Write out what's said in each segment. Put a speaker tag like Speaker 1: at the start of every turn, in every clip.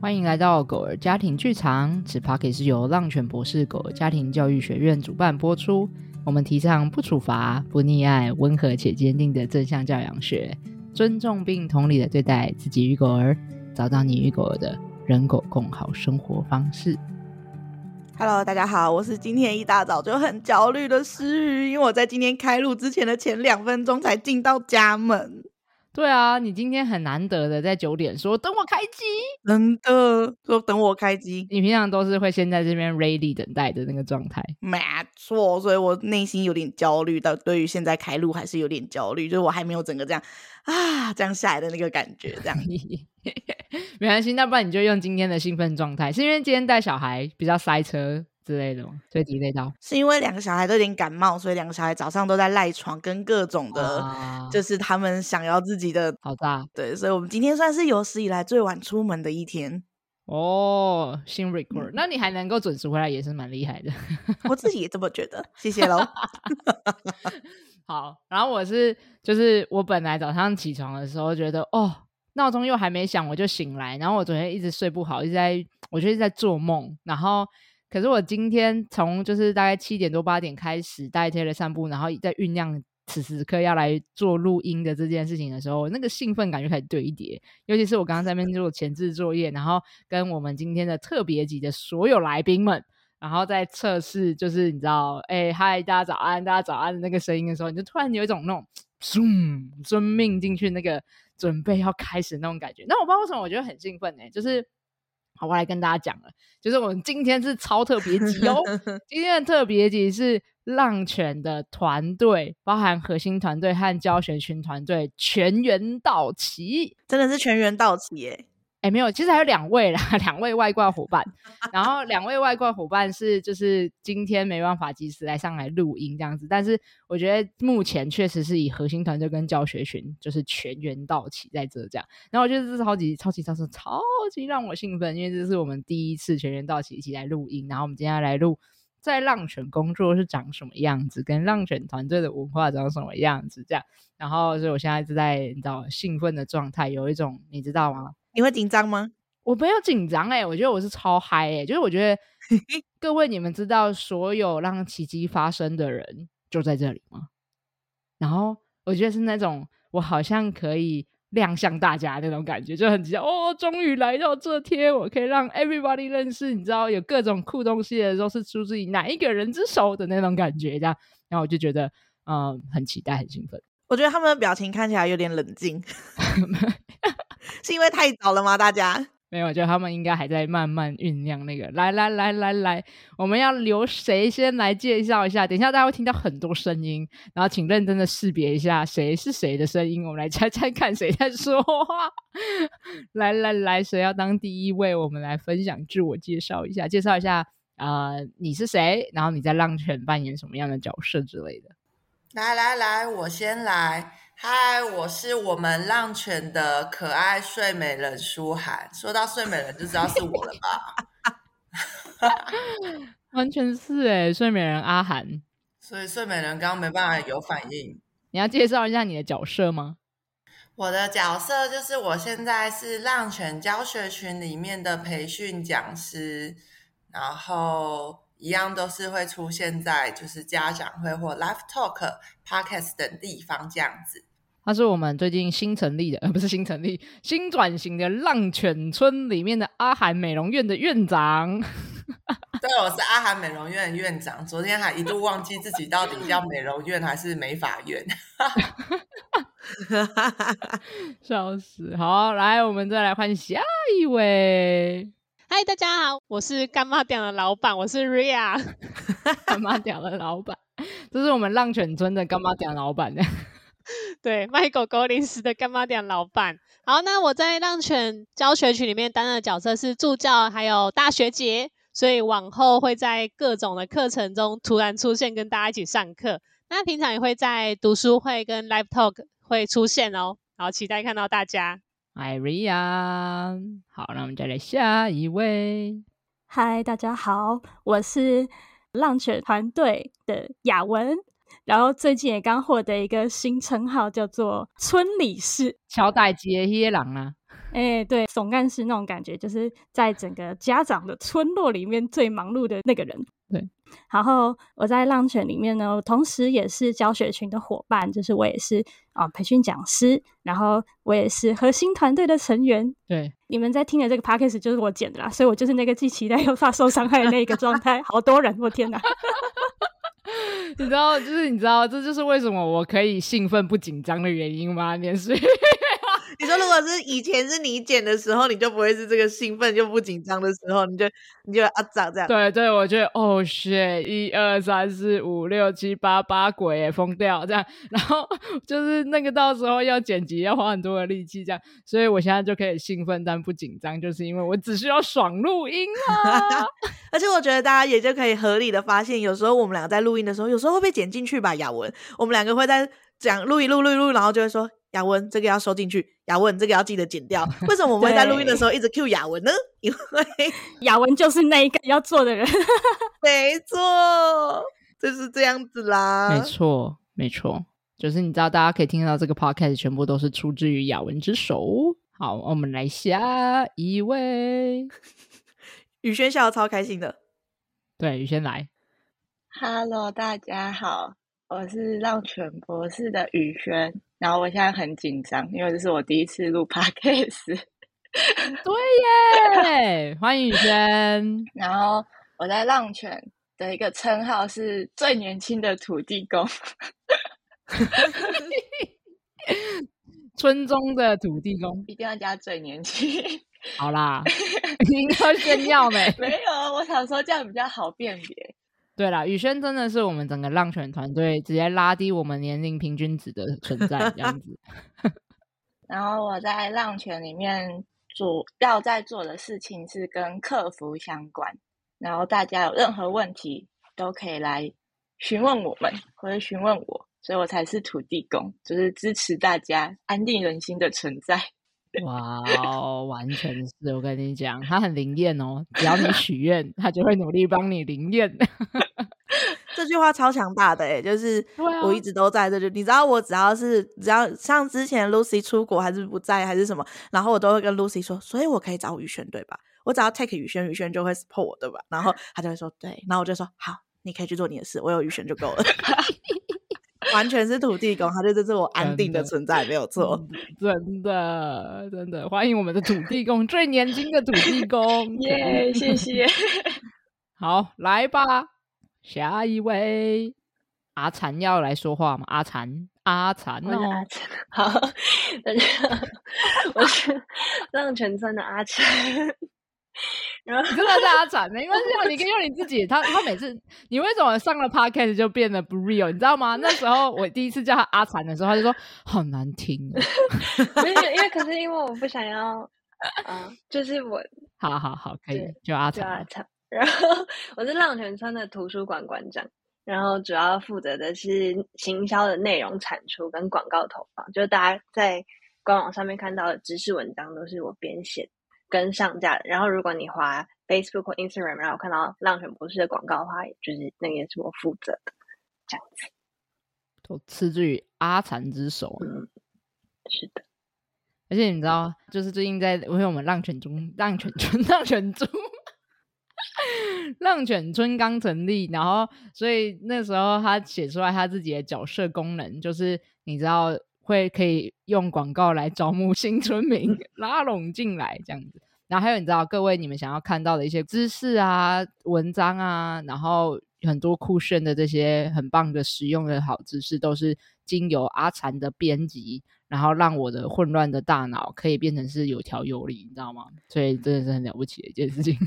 Speaker 1: 歡迎來到狗兒家庭劇場，此 Podcast 是由浪犬博士狗兒家庭教育學院主辦播出。我們提倡不處罰、不溺愛、溫和且堅定的正向教養學，尊重並同理的對待自己與狗兒，找到你與狗兒的人狗共好生活方式。
Speaker 2: Hello，大家好，我是今天一大早就很焦慮的詩瑜，因為我在今天開錄之前的前兩分鐘才進到家
Speaker 1: 門。對啊，你今天很難得的在九點說等，說等我開機，能的說等我開機。你平常都是會先在這邊 ready 等待的那個狀態，沒
Speaker 2: 錯。所以我內心有點焦慮，到對於現在開路還是有點焦慮，就是我還沒有整個這樣啊這樣下來的那個感覺，這樣。
Speaker 1: 沒關係，那不然你就用今天的興奮狀態，是因為今天帶小孩比較塞車。之類的，最低那套是
Speaker 2: 因為兩個小孩都有點感冒，所以兩個小孩早上都在賴床，跟各種的，啊，就是他們想要自己的。好大對，所以我們今天算是有史以來最晚出門的一天
Speaker 1: 哦，新 record。嗯、那你還能夠準時回來也是蠻厲害的，我自己也這麼覺得。 謝謝嘍囉。 好，然後我是就是我本來早上起床的時候覺得哦鬧鐘又還沒響我就醒來，然後我昨天一直睡不好，一直在，我就一直在做夢，然後。可是我今天從就是大概七點多八點開始帶 Taylor 散步，然後在醞釀此時此刻要來做錄音的這件事情的時候，那個興奮感就開始堆疊。尤其是我剛剛在那邊做前置作業，然後跟我們今天的特別集的所有來賓們，然後在測試，就是你知道，哎、欸，嗨，大家早安，大家早安的那個聲音的時候，你就突然有一種那種 Zoom 遵命進去那個準備要開始那種感覺。那我不知道為什麼我覺得很興奮呢、欸，就是。好，我來跟大家講了，就是我們今天是超特別集哦， 今天的特別集是浪犬的團隊，包含核心團隊和教學群團隊，全員到齊，真的是全員到齊耶。哎、欸，沒有，其實還有兩位啦，兩位外掛夥伴。然後兩位外掛夥伴是就是今天沒辦法及時來上來錄音這樣子，但是我覺得目前確實是以核心團隊跟教學群就是全員到齊在這這樣。然後我覺得這是超級超級超超超級讓我興奮，因為這是我們第一次全員到齊一起來錄音。然後我們今天要來錄在浪犬工作是長什麼樣子，跟浪犬團隊的文化長什麼樣子這樣。然後所以我現在是在你知道興奮的狀態，有一種你知道嗎？你會緊張嗎？我沒有緊張哎、欸，我覺得我是超嗨哎、欸，就是我覺得嘿嘿，各位你們知道所有讓奇蹟發生的人就在這裡嗎？然後我覺得是那種我好像可以亮相大家那種感覺，就很激動哦終於來到這天，我可以讓 everybody 認識，你知道有各種酷東西的時候是出自於哪一個人之手的那種感覺，這樣，然後我就覺得嗯、呃，很期待，很興奮。我覺得他們的表情看起
Speaker 2: 來有點冷靜
Speaker 1: 是因為太早了嗎？大家？沒有，我覺得他們應該還在慢慢醞釀那個。來來來來來，我們要留誰先來介紹一下？等一下大家會聽到很多聲音，然後請認真的識別一下誰是誰的聲音，我們來猜猜看誰在說話。來來來，誰要當第一位？我們來分享自我介紹一下，介紹一下，呃，你是誰？然後你在浪犬扮演什麼樣的角色之類的。
Speaker 3: 來來來，我先來。嗨，我是我們浪犬的可愛睡美人舒涵。說到睡美人，就知道是我了吧？
Speaker 1: 完全是誒、欸、睡美人阿涵。
Speaker 3: 所以睡美人剛,剛沒辦法有反應。
Speaker 1: 你要介紹一下你的角色嗎？
Speaker 3: 我的角色就是我現在是浪犬教學群裡面的培訓講師，然後。一樣都是會出現在就是家長會或 live talk podcast 等地方這樣子。
Speaker 1: 他是我們最近新成立的，呃、不是新成立，新轉型的浪犬村裡面的阿㮀美容院的院長。
Speaker 3: 對，我是阿㮀美容院的院長。 昨天還一度忘記自己到底叫美容院還是美髮院。
Speaker 1: 笑死！ 好，來，我們再來換下一位。
Speaker 4: 嗨，大家好，我是柑仔店的老板，我是 Ria，柑仔店的老板，
Speaker 1: 這是我們浪犬村的柑仔店老闆呢，
Speaker 4: 對，賣狗狗零食的柑仔店老板。好，那我在浪犬教學群裡面擔任的角色是助教，還有大學姐，所以往後會在各種的課程中突然出現，跟大家一起上課。那平常也會在讀書會跟 Live Talk 會出現哦，好期待看到大家。
Speaker 5: 艾瑞安。好，那我們再來下一位。Hi，大家好，我是浪犬團隊的雅文，然後最近也剛獲得一個新稱號，叫做村理事。喬代級耶朗啊，哎、欸，對，總幹事那種感覺，就是在整個家長的村落裡面最忙碌的那個人。 對。然後我在浪犬裡面呢，我同時也是教學群的夥伴，就是我也是啊、呃、培訓講師，然後我也是核心團隊的成員。對，你們在聽的這個 podcast 就是我剪的啦，所以我就是那個既期待又怕受傷害的那一個狀態。 好多人， 我天哪，
Speaker 1: 你知道，就是你知道，這就是為什麼我可以興奮不緊張的原因嗎？你也是。 你說，如果是以前是你剪的時候，你就不會是這個興奮又不
Speaker 2: 緊張的時候，你就你就啊，這樣這樣。對
Speaker 1: 對，我就哦，shit，一二三四五六七八，八鬼也瘋掉這樣。然後就是那個到時候要剪輯要花很多的力氣這樣，所以我現在就可以興奮但不緊張，就是因為我只需要爽錄音啦、啊、 而且我覺得大家也就可以合理的發現，有時候我們兩個
Speaker 2: 在錄音的時候，有時候會被剪進去吧，雅文。我們兩個會在講錄一錄錄一錄，然後就會說。雅文，這個要收進去。雅文，這個要記得剪掉。為什麼我們會在錄音的時候一直 Q 雅文呢？ 因
Speaker 5: 為雅文就是那一個要做的人， 沒錯，就是這樣子啦。
Speaker 2: 沒
Speaker 1: 錯，沒錯，就是你知道，大家可以聽到這個 podcast 全部都是出自於雅文之手。好，我們來下一位。 雨軒笑得超開心的，對，雨軒來。
Speaker 2: Hello，大家好。我是浪犬博士的雨軒，然後我現在很緊張，因為這是我第一次錄 Podcast。對耶，歡迎雨軒。然後我在浪犬的一個稱號是
Speaker 1: 最年輕的土地公， 村中的土地公一
Speaker 2: 定要加最年輕。好啦， 你應該先要沒？沒有，我想說這樣比較好辨別。
Speaker 1: 對啦，雨軒真的是我們整個浪犬團隊直接拉低我們年齡平均值的存在，這樣子 。
Speaker 2: 然後我在浪犬裡面主要在做的事情是跟客服相關，然後大家有任何問題都可以來詢問我們或者詢問我，所以我才是土地公，就是支持大家安定人心的存在。
Speaker 1: 哇、wow，完全是我跟你講，他很靈驗哦，只要你許願， 他就會努力幫你靈驗。
Speaker 2: 這句話超強大的哎、欸，就是我一直都在這就、啊、你知道，我只要是只要像之前 Lucy 出國還是不在還是什麼，然後我都會跟 Lucy 說，所以我可以找雨軒，對吧？我只要 take 雨軒，雨軒就會 support 我，對吧？然後他就會說對，然後我就說好，你可以去做你的事，我有
Speaker 1: 雨軒就夠了。 完全是土地公，他就是我安定的存在，沒有錯，真的真的。歡迎我們的土地公， 最年輕的土地公，
Speaker 6: 耶，謝謝。
Speaker 1: 好，來吧，下一位，阿禪要來說話嗎？阿禪，阿禪哦，阿禪，好，
Speaker 6: 大家，我是浪犬村的阿禪。然後你真的在阿因沒因系，你可以用你自己。他他每次，你為什麼上了 p o c
Speaker 1: a s t 就變得不 real？你知道嗎？那時候我第一次叫他阿殘的時候，他就說好難聽、喔
Speaker 6: 因為可是因為我不想要啊、呃，就是我
Speaker 1: 好好好，可以就阿殘。然
Speaker 6: 後我是浪泉村的圖書館館長，然後主要負責的是行銷的內容產出跟廣告投放，就是大家在官網上面看到的知識文章都是我編寫的。跟上架。然後，如果你滑 Facebook 或 Instagram，然後看到浪犬博士的廣告的話，就是那個也是我負責的，這樣子。
Speaker 1: 都出自於阿禪之手啊。嗯，是的。而且你知道，就是最近在因為我們浪犬村，浪犬村，浪犬村， 浪犬村剛成立，然後所以那時候他寫出來他自己的角色功能，就是你知道。會可以用廣告來招募新村民，拉攏進來這樣子。然後還有，你知道各位你們想要看到的一些知識啊、文章啊，然後很多酷炫的這些很棒的實用的好知識，都是經由阿 Chan 的編輯，然後讓我的混亂的大腦可以變成是有條有理，你知道嗎？所以真的是很了不起的一件事情。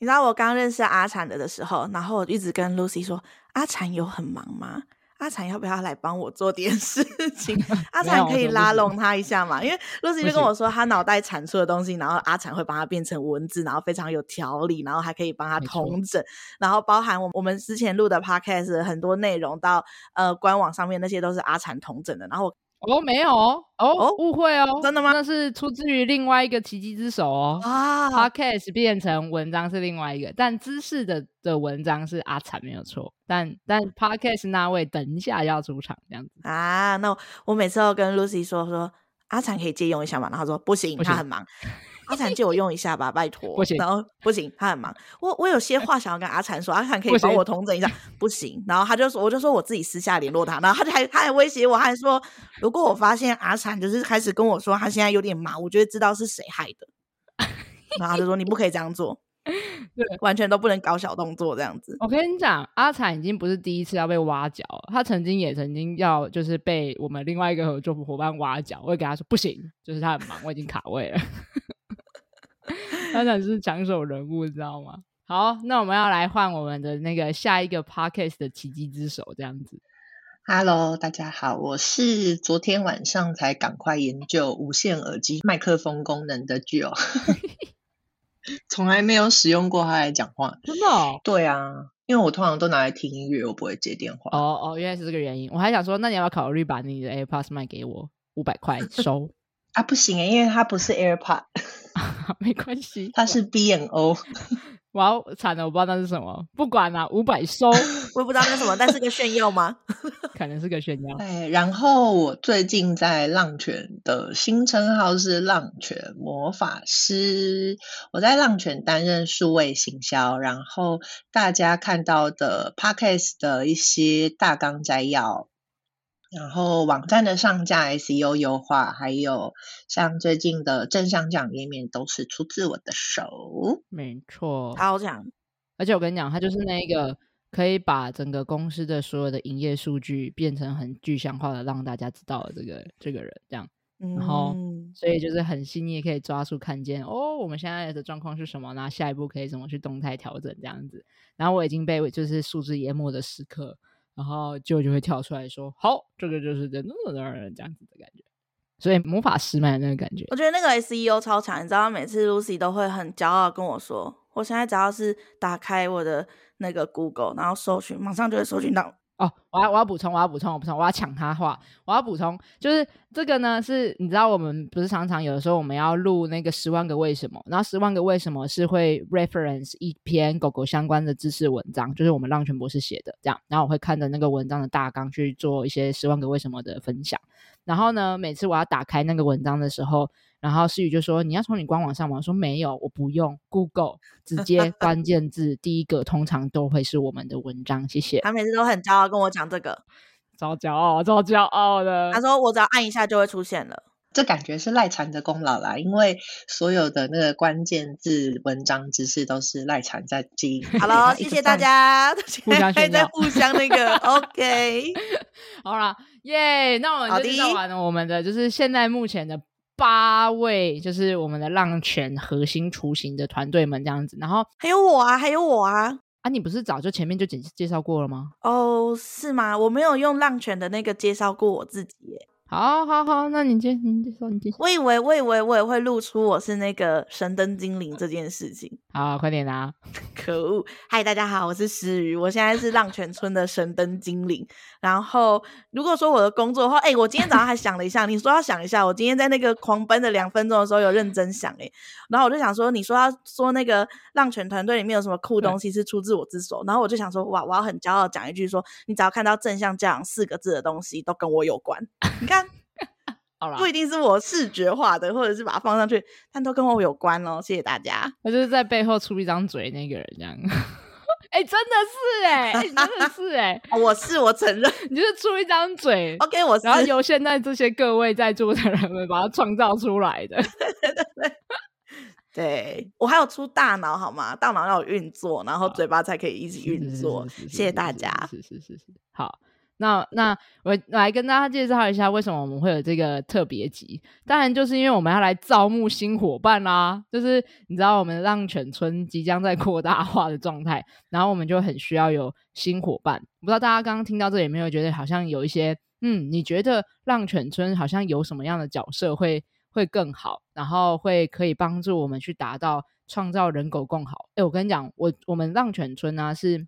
Speaker 2: 你知道我剛認識阿 Chan 的的時候，然後我一直跟 Lucy 說，阿 Chan 有很忙嗎？阿 Chan 要不要來幫我做點事情？ 阿 Chan 可以拉攏他一下嘛， 因為露西就跟我說，他腦袋產出的東西，然後阿 Chan 會把它變成文字，然後非常有條理，然後還可以幫他統整，然後包含我們我們之前錄的 podcast 很多內容到呃官網上面，那些都是阿 Chan 統整的，然後。哦，沒有哦，
Speaker 1: 誤、哦、會哦，真的嗎？那是出自於另外一個奇蹟之手哦啊，Podcast 變成文章是另外一個，但知識的的文章是阿 Chan 沒有錯，但但 Podcast 那位等一下要出場這樣子啊，那我,我每次都跟 Lucy 說說
Speaker 2: 阿 Chan 可以借用一下嘛，然後說不行,不行，他很忙。 阿嬋借我用一下吧，拜託。不行，然後不行，他很忙。我我有些話想要跟阿嬋說， 阿嬋可以幫我統整一下。不行，不行 然後他就說，我就說我自己私下聯絡他。然後他就還他還威脅我，他還說，如果我發現阿嬋就是開始跟我說他現在有點忙，我就會知道是誰害的。
Speaker 4: 然後他就
Speaker 2: 說你不可以這樣做，
Speaker 1: 對，
Speaker 2: 完全都不能搞小動作這樣子。
Speaker 1: 我跟你講，阿嬋已經不是第一次要被挖角了，他曾經也曾經要就是被我們另外一個合作夥伴挖角，我也跟他說不行，就是他很忙， 我已經卡位了。 他想是搶手
Speaker 7: 人物，知道嗎？
Speaker 1: 好，那我們要來換我們的那個下一個 podcast 的奇蹟
Speaker 7: 之手，這樣子。Hello，大家好，我是昨天晚上才趕快研究無線耳機麥克風功能的 Jill， 從來沒有使用過它來講話，真的，哦？對啊，因為我通常都拿來聽音樂，我不會接電
Speaker 1: 話。哦哦，原來是這個原因。我還想說，那你要不要考慮把你的 AirPods 賣給我五百塊收？
Speaker 7: 啊，不行哎、欸，因為它不是 AirPod、啊、沒關係，它是 B&O，哇，慘了，我不知道那是什麼，不管啦、啊，五百收， 我也不知道那是什麼，那
Speaker 1: 是個炫耀嗎？
Speaker 7: 可能是個炫耀。然後我最近在浪犬的新稱號是浪犬魔法師，我在浪犬擔任數位行銷，然後大家看到的 Podcast 的一些大綱摘要，然後網站的上架 SEO 優化，還有像最近的正向教養頁面，都是出自我的手，
Speaker 1: 沒錯。超強！而且我跟你講，他就是那一個可以把整個公司的所有的營業數據變成很具象化的，讓大家知道的這個這個人，這樣、嗯。然後，所以就是很細膩，可以抓住看見哦，我們現在的狀況是什麼，那下一步可以怎麼去動態調整這樣子。然後我已經被就是數字淹沒的時刻。然後就就會跳出來說：“好，這個就是人的人這樣子的感覺。”所以魔法師沒那個感覺。我
Speaker 2: 覺得那個 SEO 超強，你知道，每次 Lucy 都會很驕傲的跟我說：“我現在只要是打開我的那個 Google，然後搜尋，馬上就會搜尋到。”
Speaker 1: 哦，我要我要補充，我要補充，補充，我要搶他話，我要補充，就是這個呢，是你知道我們不是常常有的時候我們要錄那個十萬個為什麼，然後十萬個為什麼是會 reference 一篇狗狗相關的知識文章，就是我們浪犬博士寫的這樣，然後我會看着那個文章的大綱去做一些十萬個為什麼的分享，然後呢，每次我要打開那個文章的時候。然後詩瑜就說：“你要從你官網上嗎？”我說：“沒有，我不用 Google，直接關鍵字 第一個，通常都會是我們的文章。”謝謝他每次都很
Speaker 2: 驕傲跟我講這個，超驕傲，超驕傲的。他說：“我只要按一下就會出現了。”
Speaker 7: 這感覺是賴 Chan 的功勞啦，因為所有的那個關鍵字文章知識都是賴 Chan 在記憶。 好了，謝謝大家，可以 在互相那個
Speaker 1: OK。好啦耶，yeah, 那我們就介紹完了我們的，就是現在目前的。八位就是我們的浪犬核心雛形的團隊們這樣子，然後還有我啊，還有我啊，啊，你不是早就前面就介紹過了嗎？哦，
Speaker 2: 是嗎？我沒有用浪犬的那個介紹過我自己耶。好，好，好，那你介，你介紹，你介紹。我以為，我以為我也會露出我是那個神燈精靈這件事情。好，快點啊！ 可惡！嗨，大家好，我是詩瑜，我現在是浪犬村的神燈精靈。 然後，如果說我的工作的話，哎、欸，我今天早上還想了一下， 你說要想一下，我今天在那個狂奔的兩分鐘的時候有認真想，哎，然後我就想說，你說要說那個浪犬團隊裡面有什麼酷東西是出自我之手，嗯，然後我就想說，哇，我要很驕傲講一句說，說你只要看到正向教養四個字的東西都跟我有關， 你看，
Speaker 4: 好，不一定
Speaker 2: 是我視覺化的，或者是把它放上去，但都跟我有關哦，謝謝大家，我就是在背後
Speaker 1: 出一張嘴那個人這樣。 哎、欸，真的是哎、欸欸，真的是哎、欸， 我是我承認，你就是出一張嘴，OK，我是，然後由現在這些各位在座的人們把它創造出來的， 對，我還有出大腦
Speaker 2: 好嗎？大腦要有運作，然後嘴巴才可以一直運作、啊是是是是是是是是。
Speaker 1: 謝謝大家，是是是是，是，是，是，好。那那我，我來跟大家介紹一下，為什麼我們會有這個特別集？當然，就是因為我們要來招募新夥伴啦、啊。就是你知道，我們浪犬村即將在擴大化的狀態，然後我們就很需要有新夥伴。不知道大家剛剛聽到這裡沒有？覺得好像有一些，嗯，你覺得浪犬村好像有什麼樣的角色會會更好？然後會可以幫助我們去達到創造人狗共好？誒我跟你講，我我們浪犬村啊是。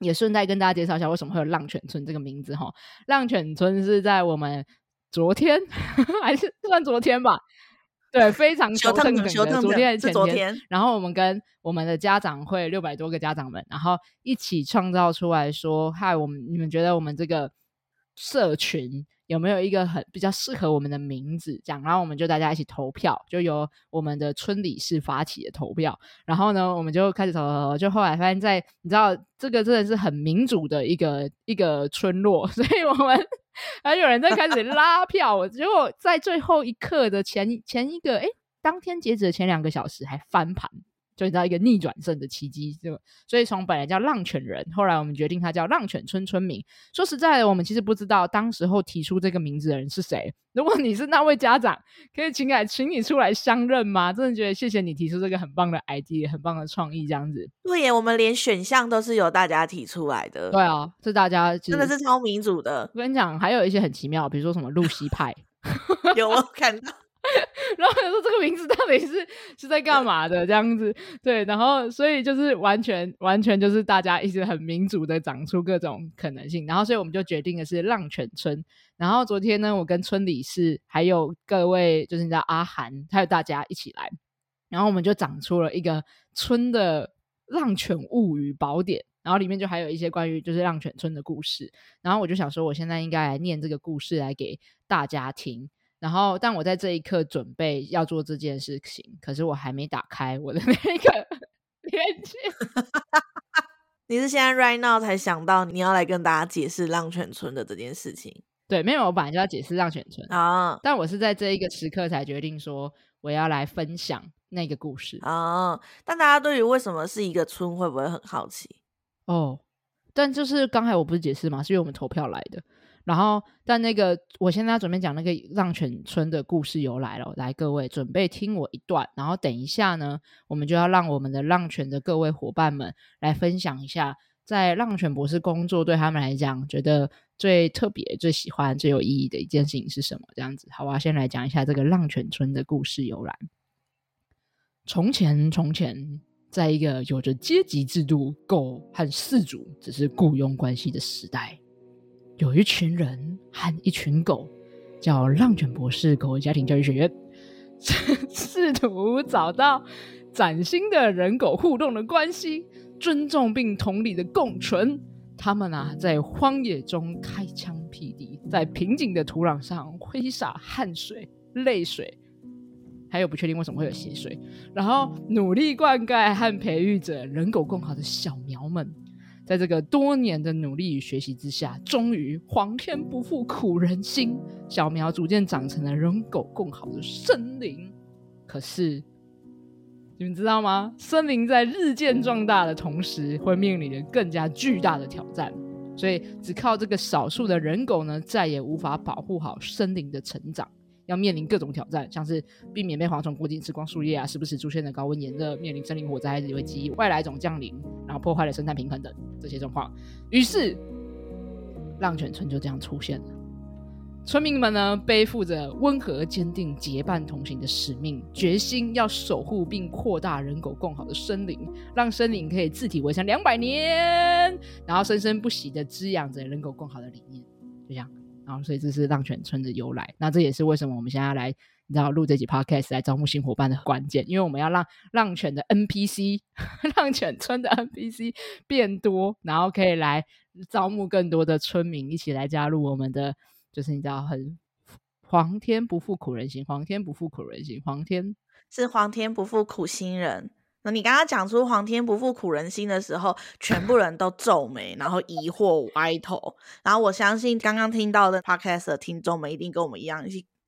Speaker 1: 也順帶跟大家介紹一下，為什麼會有浪犬村這個名字哈？浪犬村是在我們昨天 還是算昨天吧？ 對，非常正經的 昨天的前天，是昨天，然後我們跟我們的家長會六百多個家長們，然後一起創造出來說，嗨， 我們你們覺得我們這個社群。有沒有一個很比較適合我們的名字？講，然後我們就大家一起投票，就由我們的村理事發起的投票。然後呢，我們就開始投就後來發現在你知道這個真的是很民主的一個一個村落，所以我們還有人在開始拉票。 結果在最後一刻的前前一個，哎、欸，當天截止的前兩個小時還翻盤。就遇到一個逆轉勝的奇蹟，就所以從本來叫浪犬人，後來我們決定他叫浪犬村村民。說實在的，我們其實不知道當時候提出這個名字的人是誰。如果你是那位家長，可以請改，請你出來相認嗎？真的覺得謝謝你提出這個很棒的 ID，很棒的創意，這樣子。
Speaker 2: 對耶，我們連選項都是由大家提出來的。對啊、
Speaker 1: 哦，這大家真的是超民主的。我跟你講，還有一些很奇妙，比如說什麼露西派， 有， 有我看到。 然後就說，這個名字到底是是在幹嘛的這樣子，對，然後所以就是完全完全就是大家一直很民主的長出各種可能性，然後所以我們就決定的是浪犬村。然後昨天呢，我跟村理事還有各位，就是你知道阿涵，還有大家一起來，然後我們就長出了一個村的浪犬物語寶典，然後裡面就還有一些關於就是浪犬村的故事。然後我就想說，我現在應該來念這個故事來給大家聽。然後，但我在這一刻準備要做這件事情，可是我還沒打開我的那個連接。 你是現在 right now 才想到你要來跟大家解
Speaker 2: 釋浪犬村的這件事情？
Speaker 1: 對，沒有，我本來就要解釋浪犬村啊、哦，但我是在這一個時刻才決定說我要來分享那個故事啊、哦。但大家對於為什麼是一個村會不會很好奇？哦，但就是剛才我不是解釋嗎？是因為我們投票來的。然後，但那個，我現在要準備講那個浪犬村的故事由來了哦。來，各位準備聽我一段。然後等一下呢，我們就要讓我們的浪犬的各位夥伴們來分享一下，在浪犬博士工作對他們來講，覺得最特別、最喜歡、最有意義的一件事情是什麼？這樣子，好吧，先來講一下這個浪犬村的故事由來。從前，從前，在一個有着階級制度、狗和飼主只是雇傭關係的時代。有一群人和一群狗，叫浪犬博士狗家庭教育學院，試 圖找到嶄新的人狗互動的關係，尊重並同理的共存。他們啊，在荒野中開疆闢地，在貧瘠的土壤上揮灑汗水、淚水，還有不確定為什麼會有血水，然後努力灌溉和培育着人狗共好的小苗們。在這個多年的努力與學習之下，終於皇天不負苦人心，小苗逐漸長成了人狗共好的森林。可是，你們知道嗎？森林在日漸壯大的同時，會面臨更加巨大的挑戰，所以只靠這個少數的人狗呢，再也無法保護好森林的成長。要面臨各種挑戰，像是避免被蝗蟲過境吃光樹葉啊，時不時出現的高溫炎熱，面臨森林火災以及危機、外來種降臨，然後破壞了生態平衡等這些狀況。於是浪犬村就這樣出現了，村民們呢背負着溫和、堅定、結伴同行的使命，決心要守護並擴大人狗共好的森林，讓森林可以自體維生兩百年，然後生生不息的滋養着人狗共好的理念，就這樣。然後，所以這是浪犬村的由來。那這也是為什麼我們現在要來，你知道，錄這集 podcast 來招募新夥伴的關鍵，因為我們要讓浪犬的 NPC 呵呵、浪犬村的 NPC 變多，然後可以來招募更多的村民一起來加入我們的，就是你知道，很皇天不負苦人心，皇天不負苦人心，皇天。皇天是皇天不負苦心人。那你剛剛講出“
Speaker 2: 皇天不負苦人心”的時候，全部人都皺眉，然後疑惑歪頭。然後我相信剛剛聽到的 Podcast 的聽眾們一定跟我們一樣，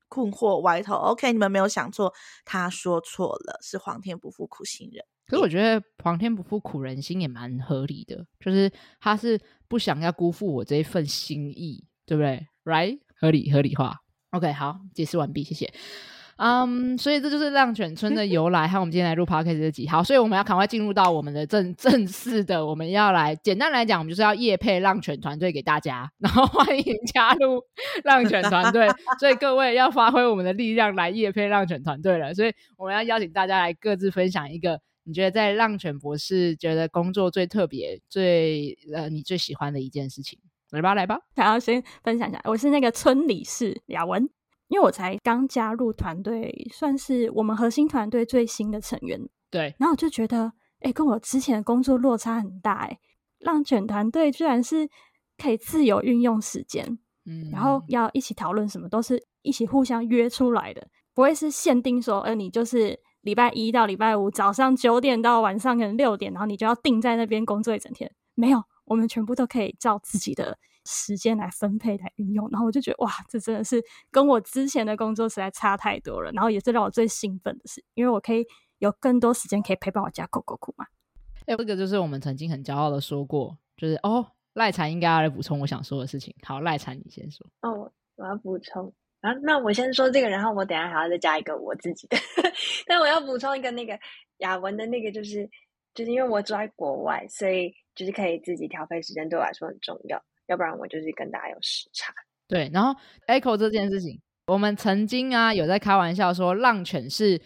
Speaker 2: 困惑歪頭。OK，你們沒有想錯，他說錯了，是“皇天不負苦心人”。
Speaker 1: 可是我覺得“皇天不負苦人心”也蠻合理的，就是他是不想要辜負我這一份心意，對不對？Right，合理合理化。OK，好，解釋完畢，謝謝。嗯、um,，所以這就是浪犬村的由來， 和我們今天來錄 podcast 的幾號。所以我們要趕快進入到我們的正正式的，我們要來簡單來講，我們就是要業配浪犬團隊給大家，然後歡迎加入浪犬團隊。 所以各位要發揮我們的力量來業配浪犬團隊了。所以我們要邀請大家來各自分享一個，你覺得在浪犬博士覺得工作最特別、最呃你最喜歡的一件事情。來吧，來
Speaker 5: 吧，然後先分享一下，我是那個村理事雅文。因為我才剛加入團隊，算是我們核心團隊最新的成員。對，然後我就覺得，哎、欸，跟我之前的工作落差很大、欸。浪犬團隊居然是可以自由運用時間、嗯，然後要一起討論什麼，都是一起互相約出來的，不會是限定說，呃，你就是禮拜一到禮拜五早上九點到晚上可能六點，然後你就要定在那邊工作一整天。沒有，我們全部都可以照自己的、嗯。時間來分配來運用，然後我就覺得哇，這真的是跟我之前的工作實在差太多了。然後也是讓我最興奮的事，因為我可以有更多時間可以陪伴我家狗狗酷嘛。
Speaker 1: 哎，這個就是我們曾經很驕傲的說過，就是哦，賴財應該要來補充我想說的事情。好，賴財你先說。
Speaker 6: 哦，我要補充啊，那我先說這個，然後我等下還要再加一個我自己的。 但我要補充一個那個雅文的那個，就是就是因為我住在國外，所以就是可以自己調配時間，對我來說很重要。要不然
Speaker 1: 我就是跟大家有時差。對，然後 Echo 這件事情，嗯、我們曾經啊有在開玩笑說，浪犬是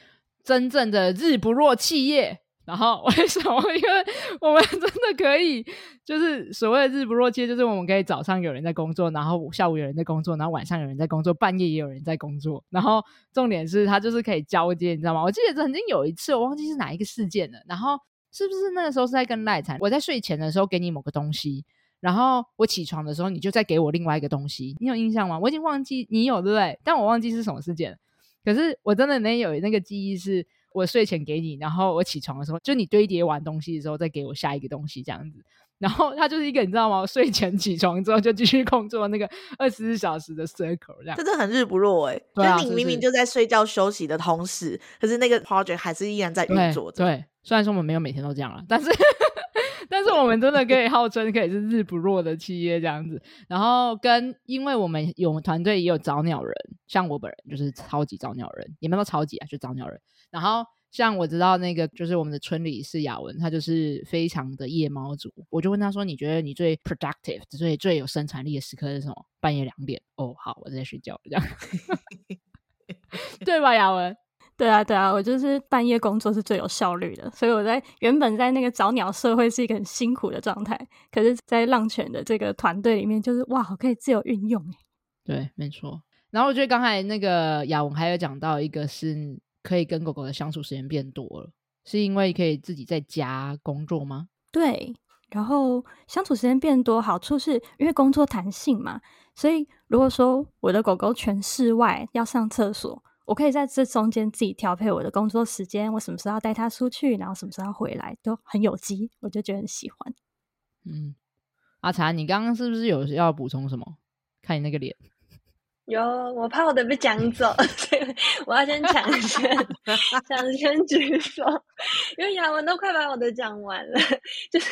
Speaker 1: 真正的日不落企業。然後為什麼？因為我們真的可以，就是所謂的日不落企業就是我們可以早上有人在工作，然後下午有人在工作，然後晚上有人在工作，半夜也有人在工作。然後重點是，他就是可以交接，你知道嗎？我記得曾經有一次，我忘記是哪一個事件了。然後是不是那個時候是在跟賴財？我在睡前的時候給你某個東西。然後我起床的時候，你就再給我另外一個東西，你有印象嗎？我已經忘記你有對不對？但我忘記是什麼事件。可是我真的沒有那個記憶，是我睡前給你，然後我起床的時候，就你堆疊完東西的時候再給我下一個東西這樣子。然後它就是一個你知道嗎？我睡前起床之後就繼續工作那個二十四小時的 circle 這樣。這真的很日不落哎、對啊！就是、你明明就在睡
Speaker 2: 覺休息的同時，可是那個 project 還是依然在運作着。對，
Speaker 1: 雖然說我們沒有每天都這樣了，但是。 但是我們真的可以號稱可以是日不落的企業這樣子，然後跟因為我們有團隊也有早鳥人，像我本人就是超級早鳥人，也沒有超級啊，就早鳥人。然後像我知道那個就是我們的村裡是雅文，他就是非常的夜貓族。我就問他說：“你覺得你最 productive、最最有生產力的時刻是什麼？”半夜兩點哦，好，我在睡覺這樣
Speaker 5: 對吧，雅文？對啊，對啊，我就是半夜工作是最有效率的，所以我在原本在那個早鳥社會是一個很辛苦的狀態，可是，在浪犬的這個團隊裡面，就是哇，我可以自由運用。對，沒錯。然後我覺得剛才那個雅文還有講到
Speaker 1: 一個是可以跟狗狗的相處時間變多了，是因為可以自己在家工作嗎？
Speaker 5: 對，然後相處時間變多，好處是因為工作彈性嘛，所以如果說我的狗狗全室外要上廁所。我可以在這中間自己調配我的工作時間，我什麼時候要帶他出去，然後什麼時候要回來，都很有機，我就覺得很喜歡。
Speaker 1: 嗯，阿 Chan，你剛剛是不是有要補充什麼？看你那個臉，
Speaker 6: 有，我怕我的被講走， 所以我要先搶先，搶 先舉手，因為雅文都快把我的講完了，就是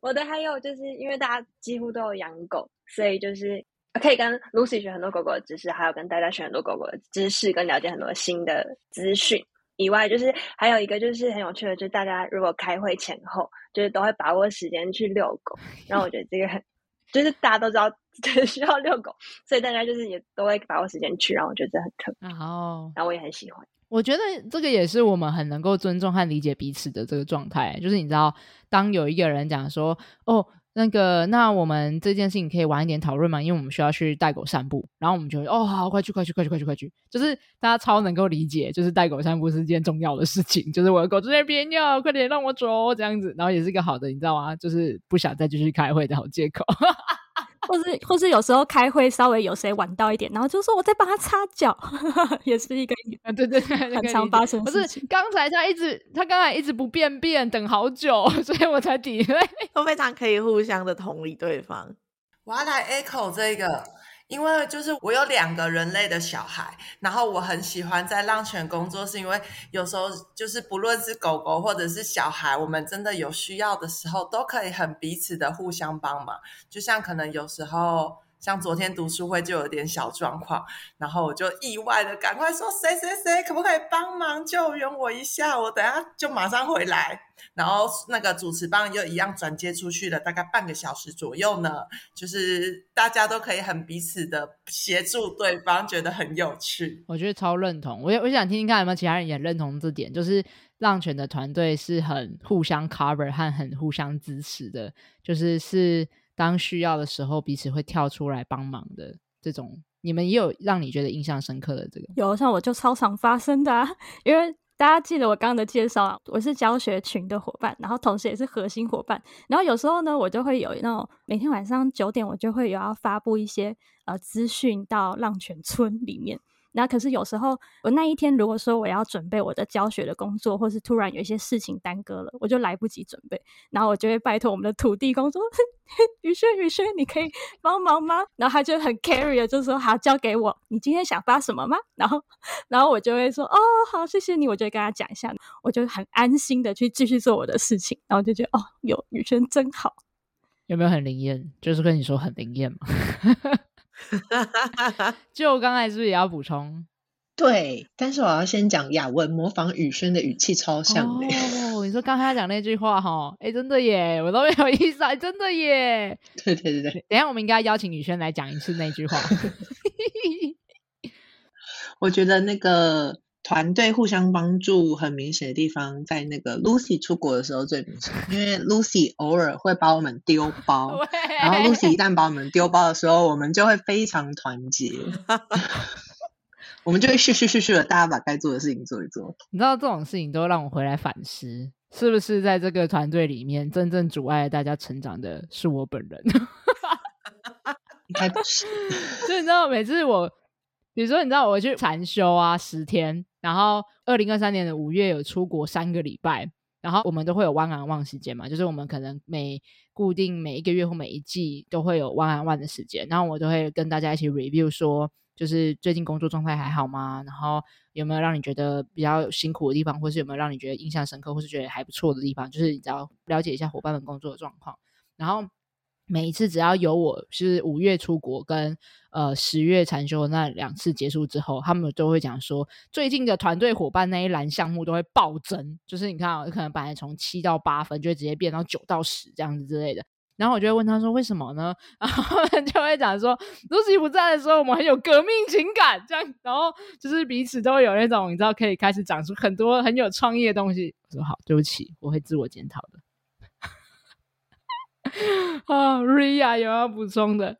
Speaker 6: 我的還有就是因為大家幾乎都有養狗，所以就是。可以跟 Lucy 學很多狗狗的知識，還有跟大家學很多狗狗的知識，跟了解很多新的資訊。以外，就是還有一個就是很有趣的，就是大家如果開會前後，就是都會把握時間去遛狗。然後我覺得這個很， 就是大家都知道、就是、需要遛狗，所以大家就是也都會把握時間去。然後我覺得這很特別，然後我也很喜歡、
Speaker 1: 哦。我覺得這個也是我們很能夠尊重和理解彼此的這個狀態。就是你知道，當有一個人講說：“哦。”那個，那我們這件事情可以晚一點討論嗎？因為我們需要去帶狗散步，然後我們就哦，好，快去，快去，快去，快去，快去，就是大家超能夠理解，就是帶狗散步是一件重要的事情，就是我的狗在那邊尿，快點讓我走這樣子，然後也是一個好的，你知道嗎？就是不想再繼續開會的好借口。哈哈哈。
Speaker 5: 或是或是有時候開會稍微有誰晚到一點，然後就說我在幫他擦腳，也是一個，一個、啊、對，對對，
Speaker 7: 很常發生。不是
Speaker 1: 剛才他一直他剛才一直不便便等好
Speaker 3: 久，所以我才體會，我非常可
Speaker 2: 以互相的同理對方。
Speaker 7: 我要來
Speaker 3: echo 這個。因為就是我有兩個人類的小孩，然後我很喜歡在浪犬工作，是因為有時候就是不論是狗狗或者是小孩，我們真的有需要的時候，都可以很彼此的互相幫忙，就像可能有時候。像昨天讀書會就有點小狀況，然後我就意外的趕快說，誰誰誰可不可以幫忙救援我一下，我等下就馬上回來。然後那個主持棒又一樣轉接出去了，大概半個小時左右呢，就是大家都可以很彼此的協助對方，覺得很有趣。
Speaker 1: 我覺得超認同，我也我想聽聽看有沒有其他人也認同這點，就是浪犬的團隊是很互相 cover 和很互相支持的，就是是。當需要的時候，彼此會跳出來幫忙的這種，你們也有讓你覺得印象深刻的這個？
Speaker 5: 有，像我就超常發生的、啊，因為大家記得我剛剛的介紹、啊，我是教學群的夥伴，然後同時也是核心夥伴，然後有時候呢，我就會有那種每天晚上九點，我就會有要發布一些呃資訊到浪犬村裡面。那可是有時候，我那一天如果說我要準備我的教學的工作，或是突然有一些事情耽擱了，我就來不及準備。然後我就會拜托我們的土地公說：“雨軒，雨軒，你可以幫忙嗎？”然後他就很 carry，就說：“好，交給我。”你今天想發什麼嗎？然後，然後我就會說：“哦，好，謝謝你。”我就會跟他講一下，我就很安心的去繼續做我的事情。然後就覺得哦，有雨軒真好，
Speaker 1: 有沒有很靈驗？就是跟你說很靈驗嘛？ 哈， 就剛才是不是也要補充？
Speaker 7: 對，但是我要先講雅文模仿雨軒的語氣超像
Speaker 1: 哦，你說剛才講那句話哈，哎，真的耶，我都沒有意識到，真的耶。
Speaker 7: 對對對對，
Speaker 1: 等下我們應該邀請雨
Speaker 7: 軒來講一次那句話。 我覺得那個，團隊互相幫助很明顯的地方，在那個 Lucy 出國的時候最明顯，因為 Lucy 偶爾會把我們丟包，然後 Lucy 一旦把我們丟包的時候，我們就會非常團結， 我們就會噓噓噓噓的，大家把該做的事情做一做。你知
Speaker 1: 道這種事情都讓我回來反思，是不是在這個團隊裡面真正阻礙大家成長的是我本人？ 不是 所以你知道，每次我，比如說你知道我去禪修啊，十天。然後，二零二三年的五月有出國三個禮拜。然後我們都會有 one on one 時間嘛，就是我們可能每固定每一個月或每一季都會有 one on one 的時間。然後我都會跟大家一起 review，說就是最近工作狀態還好嗎？然後有沒有讓你覺得比較辛苦的地方，或是有沒有讓你覺得印象深刻，或是覺得還不錯的地方，就是你只要了解一下夥伴們工作的狀況。然後。每一次只要有我，就是五月出國跟呃十月禪修的那兩次結束之後，他們都會講說最近的團隊夥伴那一欄項目都會暴增，就是你看，哦、可能本來從七到八分就直接變到九到十這樣子之類的。然後我就會問他說為什麼呢？然後他就會講說 Lucy 不在的時候，我們很有革命情感，這樣，然後就是彼此都會有那種你知道可以開始講出很多很有創意的東西。說好，對不起，我會自我檢討的。啊，Ria 有要補充的？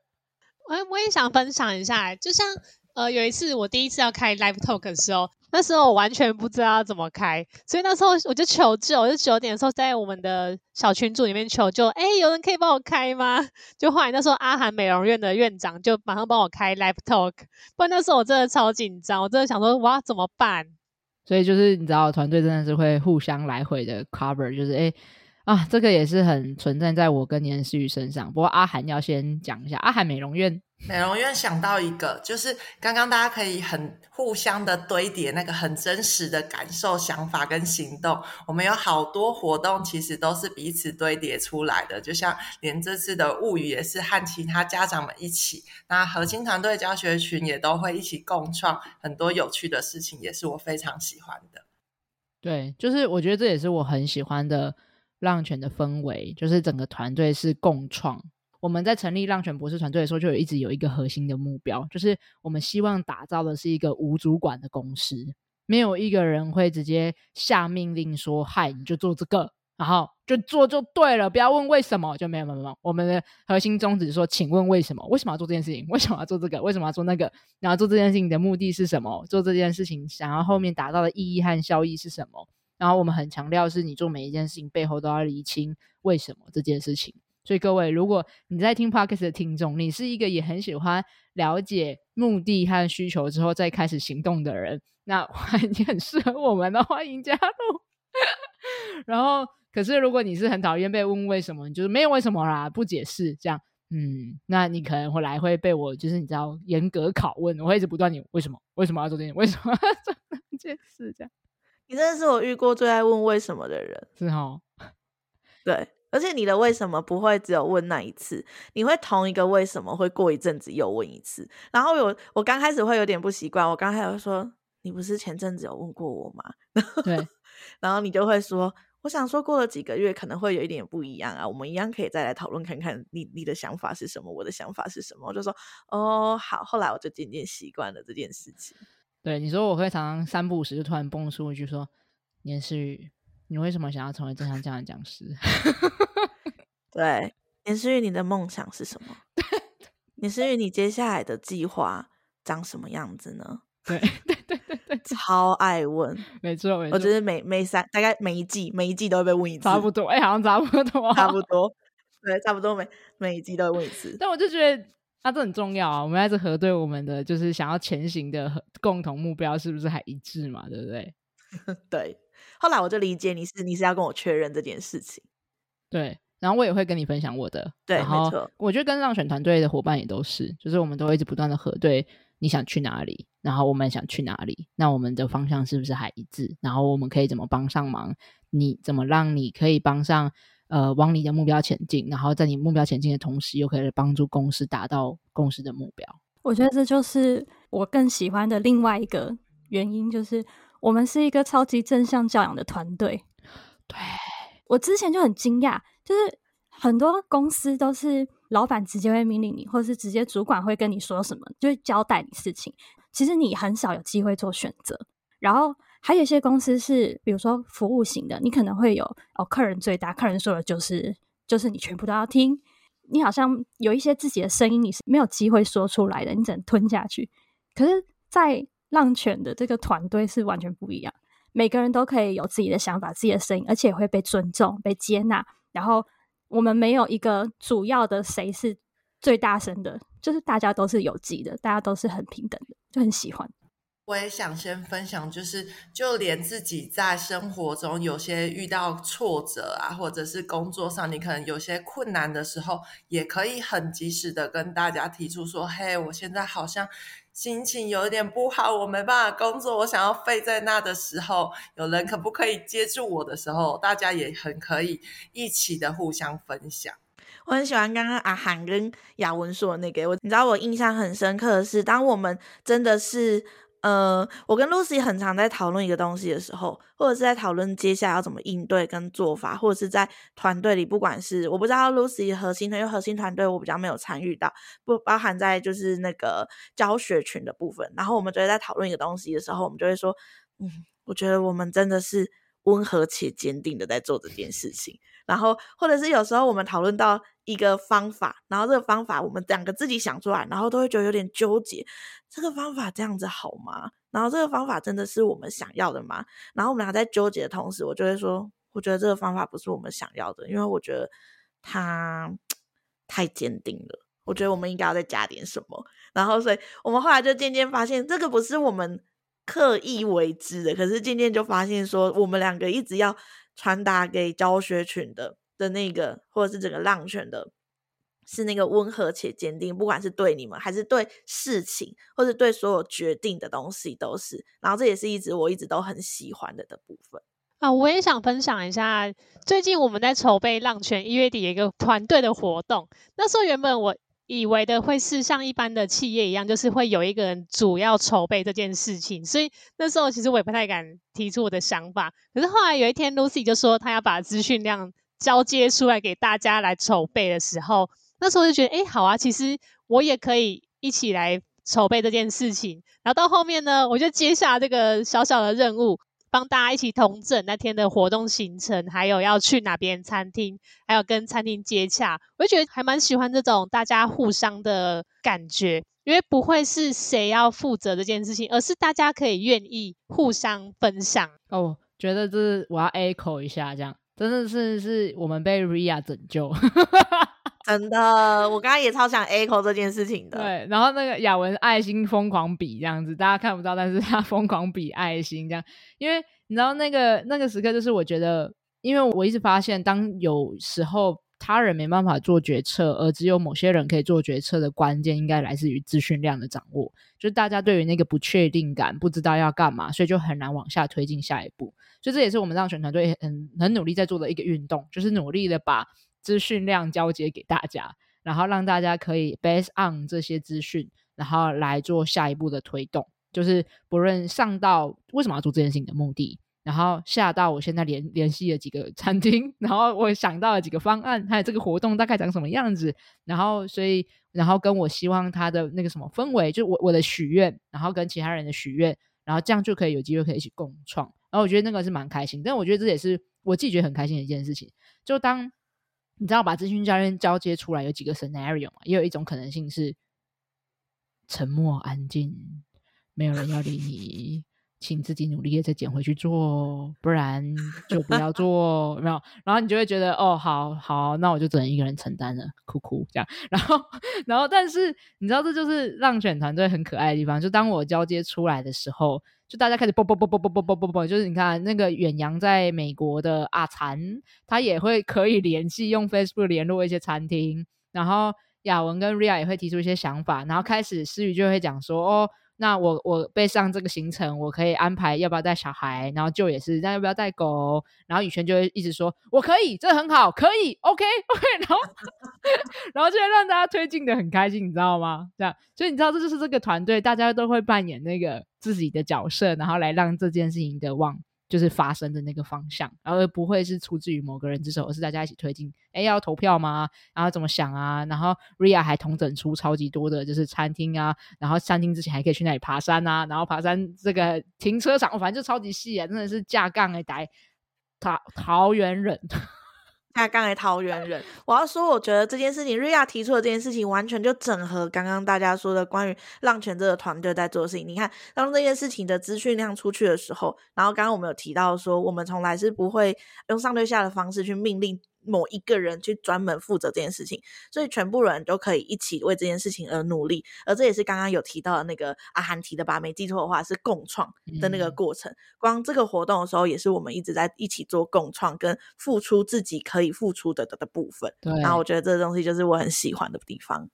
Speaker 4: 我我也想分享一下，欸，就像呃，有一次我第一次要開 live talk 的時候，那時候我完全不知道要怎麼開，所以那時候我就求救，就是九點的時候在我們的小群組裡面求救，哎、欸，有人可以幫我開嗎？就後來那時候阿涵美容院的院長就馬上幫我開 live talk，不然那時候我真的超緊張，我真的想說，哇怎麼辦？
Speaker 1: 所以就是你知道，團隊真的是會互相來回的 cover，就是哎。欸啊，這個也是很存在在我跟詩瑜身上。不過阿涵要先講一下，阿涵美容
Speaker 3: 院美容院想到一個，就是剛剛大家可以很互相的堆疊那個很真實的感受、想法跟行動。我們有好多活動，其實都是彼此堆疊出來的。就像連這次的物語，也是和其他家長們一起。那核心團隊教學群也都會一起共創很多有趣的事情，也是我非常喜歡的。
Speaker 1: 對，就是我覺得這也是我很喜歡的。浪犬的氛圍就是整個團隊是共創。我們在成立浪犬博士團隊的時候，就有一直有一個核心的目標，就是我們希望打造的是一個無主管的公司，沒有一個人會直接下命令說：“嗨，你就做這個，然後就做就對了，不要問為什麼。”就沒有沒有沒有。我們的核心宗旨是說：“請問為什麼？為什麼要做這件事情？為什麼要做這個？為什麼要做那個？然後做這件事情的目的是什麼？做這件事情想要後面達到的意義和效益是什麼？”然後我們很強調，是你做每一件事情背後都要釐清為什麼這件事情。所以各位，如果你在聽 Podcast 的聽眾，你是一個也很喜歡了解目的和需求之後再開始行動的人，那歡迎很適合我們的，歡迎加入。然後，可是如果你是很討厭被問，問為什麼，你就是沒有為什麼啦，不解釋這樣。嗯，那你可能會來會被我就是你知道嚴格拷問，我會一直不斷你為什麼為什麼要做這件為什麼要做那件事這樣。
Speaker 2: 你真的是我遇過最愛問為什麼的人，是哦。對，而且你的為什麼不會只有問那一次，你會同一個為什麼會過一陣子又問一次。然後有我剛開始會有點不習慣，我剛開始會說，你不是前陣子有問過我嗎？對， 然後你就會說，我想說過了幾個月可能會有一點不一樣啊，我們一樣可以再來討論看看你你的想法是什麼，我的想法是什麼。我就說哦好，後來我就漸漸習慣了這件事情。
Speaker 1: 對你說，我會常常三不五時就突然蹦出一句說：“顏詩瑜，你為什麼想要成為正常這樣的講師？”
Speaker 2: 對，顏詩瑜，你的夢想是什麼？顏詩瑜，你接下來的計劃長什麼樣子呢？對
Speaker 4: 對對對對，超
Speaker 2: 愛問，沒錯沒錯，我覺得每每三大概每一季每一季都會被問一次，差不多，哎、欸，好像差不多、哦，差不多，對，差不多每每一季都會問一次，
Speaker 1: 但我就覺得。那、啊，這很重要啊，我們要一直核對我們的就是想要前行的共同目標是不是還一致嘛，對不對？對，
Speaker 2: 後來我就理解你是你是要跟我確認這件事情，
Speaker 1: 對，然後我也會跟你分享我的，對，沒錯，我覺得跟浪犬團隊的夥伴也都是，就是我們都會一直不斷的核對你想去哪裡，然後我們想去哪裡，那我們的方向是不是還一致？然後我們可以怎麼幫上忙？你怎麼讓你可以幫上？呃，往你的目標前進，然後在你目標前進的同時，又可以幫助公司達到公司的目標。
Speaker 5: 我覺得這就是我更喜歡的另外一個原因，就是我們是一個超級正向教養的團隊。對，我之前就很驚訝，就是很多公司都是老闆直接會命令你，或是直接主管會跟你說什麼，就是交代你事情。其實你很少有機會做選擇，然後。還有一些公司是，比如說服務型的，你可能會有哦，客人最大，客人說的就是就是你全部都要聽，你好像有一些自己的聲音，你是沒有機會說出來的，你只能吞下去。可是，在浪犬的這個團隊是完全不一樣，每個人都可以有自己的想法、自己的聲音，而且會被尊重、被接納。然後我們沒有一個主要的誰是最大聲的，就是大家都是有機的，大家都是很平等的，就很喜歡。
Speaker 3: 我也想先分享，就是就連自己在生活中有些遇到挫折啊，或者是工作上你可能有些困難的時候，也可以很及時的跟大家提出說：“嘿，我現在好像心情有點不好，我沒辦法工作，我想要廢在那的時候，有人可不可以接住我的時候？”大家也很可以一起的互相分享。我很喜歡剛剛阿涵跟
Speaker 2: 雅文說的那個，我你知道我印象很深刻的是，當我們真的是。呃，我跟 Lucy 很常在討論一個東西的時候，或者是在討論接下來要怎麼應對跟做法，或者是在團隊裡，不管是我不知道 Lucy 核心團，因為核心團隊我比較沒有參與到，不包含在就是那個教學群的部分。然後我們就會在討論一個東西的時候，我們就會說，嗯，我覺得我們真的是溫和且堅定的在做這件事情。然後，或者是有時候我們討論到。一個方法，然後這個方法我們兩個自己想出來，然後都會覺得有點糾結。這個方法這樣子好嗎？然後這個方法真的是我們想要的嗎？然後我們倆在糾結的同時，我就會說，我覺得這個方法不是我們想要的，因為我覺得它太堅定了。我覺得我們應該要再加點什麼。然後，所以我們後來就漸漸發現，這個不是我們刻意為之的。可是漸漸就發現說，說我們兩個一直要傳達給教學群的。的那個，或者是整個浪犬的，是那個溫和且堅定，不管是對你們，還是對事情，或者對所有決定的東西，都是。然後這也是一直我一直都很喜歡的的部分
Speaker 4: 啊！我也想分享一下，最近我們在籌備浪犬一月底的一個團隊的活動。那時候原本我以為的會是像一般的企業一樣，就是會有一個人主要籌備這件事情，所以那時候其實我也不太敢提出我的想法。可是後來有一天，Lucy 就說她要把資訊量。交接出來給大家來籌備的時候，那時候就覺得哎、欸，好啊，其實我也可以一起來籌備這件事情。然後到後面呢，我就接下這個小小的任務，幫大家一起統整那天的活動行程，還有要去哪邊餐廳，還有跟餐廳接洽。我就覺得還蠻喜歡這種大家互相的感覺，因為不會是誰要負責這件事情，而是大家可以願意互相分享。哦，覺得這是我要 echo 一下這樣。
Speaker 1: 真的是，是我們被 Ria 拯救， 真的。我剛剛也超想 Echo 這件事情的。對，然後那個雅文愛心瘋狂比這樣子，大家看不到，但是他瘋狂比愛心這樣，因為你知道那個那個時刻，就是我覺得，因為我一直發現，當有時候。他人沒辦法做決策，而只有某些人可以做決策的關鍵，應該來自於資訊量的掌握。就是大家對於那個不確定感，不知道要幹嘛，所以就很難往下推進下一步。所以這也是我們浪犬團隊很很努力在做的一個運動，就是努力的把資訊量交接給大家，然後讓大家可以 base on 這些資訊，然後來做下一步的推動。就是不論上到為什麼要做這件事情的目的。然後下到我現在聯聯繫了幾個餐廳，然後我想到了幾個方案，還有這個活動大概長什麼樣子，然後所以，然後跟我希望他的那個什麼氛圍，就我我的許願，然後跟其他人的許願，然後這樣就可以有機會可以一起共創。然後我覺得那個是蠻開心，但我覺得這也是我自己覺得很開心的一件事情。就當你知道把諮詢教練交接出來，有幾個 scenario 也有一種可能性是沉默安靜，沒有人要理你。 請自己努力再撿回去做，不然就不要做， 沒有。然後你就會覺得哦，好好，那我就只能一個人承擔了，哭哭這樣。然後，然後，但是你知道這就是浪犬團隊很可愛的地方，就當我交接出來的時候，就大家開始啵啵啵啵啵啵啵啵啵，就是你看那個遠洋在美國的阿 Chan，他也會可以聯繫，用 Facebook 聯絡一些餐廳，然後雅文跟 Ria 也會提出一些想法，然後開始詩瑜就會講說哦。那我我背上這個行程，我可以安排要不要帶小孩，然後就也是，那要不要帶狗？然後雨軒就會一直說，我可以，這很好，可以，OK OK，然後 然後就讓大家推進的很開心，你知道嗎？這樣。所以你知道這就是這個團隊，大家都會扮演那個自己的角色，然後來讓這件事情的旺。就是發生的那個方向，而不會是出自於某個人之手，而是大家一起推進。哎，要投票嗎？然後怎麼想啊？然後 Ria 還同整出超級多的，就是餐廳啊，然後餐廳之前還可以去那裡爬山啊，然後爬山這個停車場，反正就超級細啊，真的是架槓的、欸、呆桃桃園人。他剛
Speaker 2: 才桃園人，我要說，我覺得這件事情，瑞亞提出的這件事情，完全就整合剛剛大家說的關於浪犬這個團隊在做的事情。你看，當這件事情的資訊量出去的時候，然後剛剛我們有提到說，我們從來是不會用上對下的方式去命令。某一個人去專門負責這件事情，所以全部人都可以一起為這件事情而努力，而這也是剛剛有提到的那個阿涵提的吧？沒記錯的話是共創的那個過程。嗯、光這個活動的時候，也是我們一直在一起做共創，跟付出自己可以付出的的的的部分。對，然後我覺得這個東西就是我很喜歡的地方。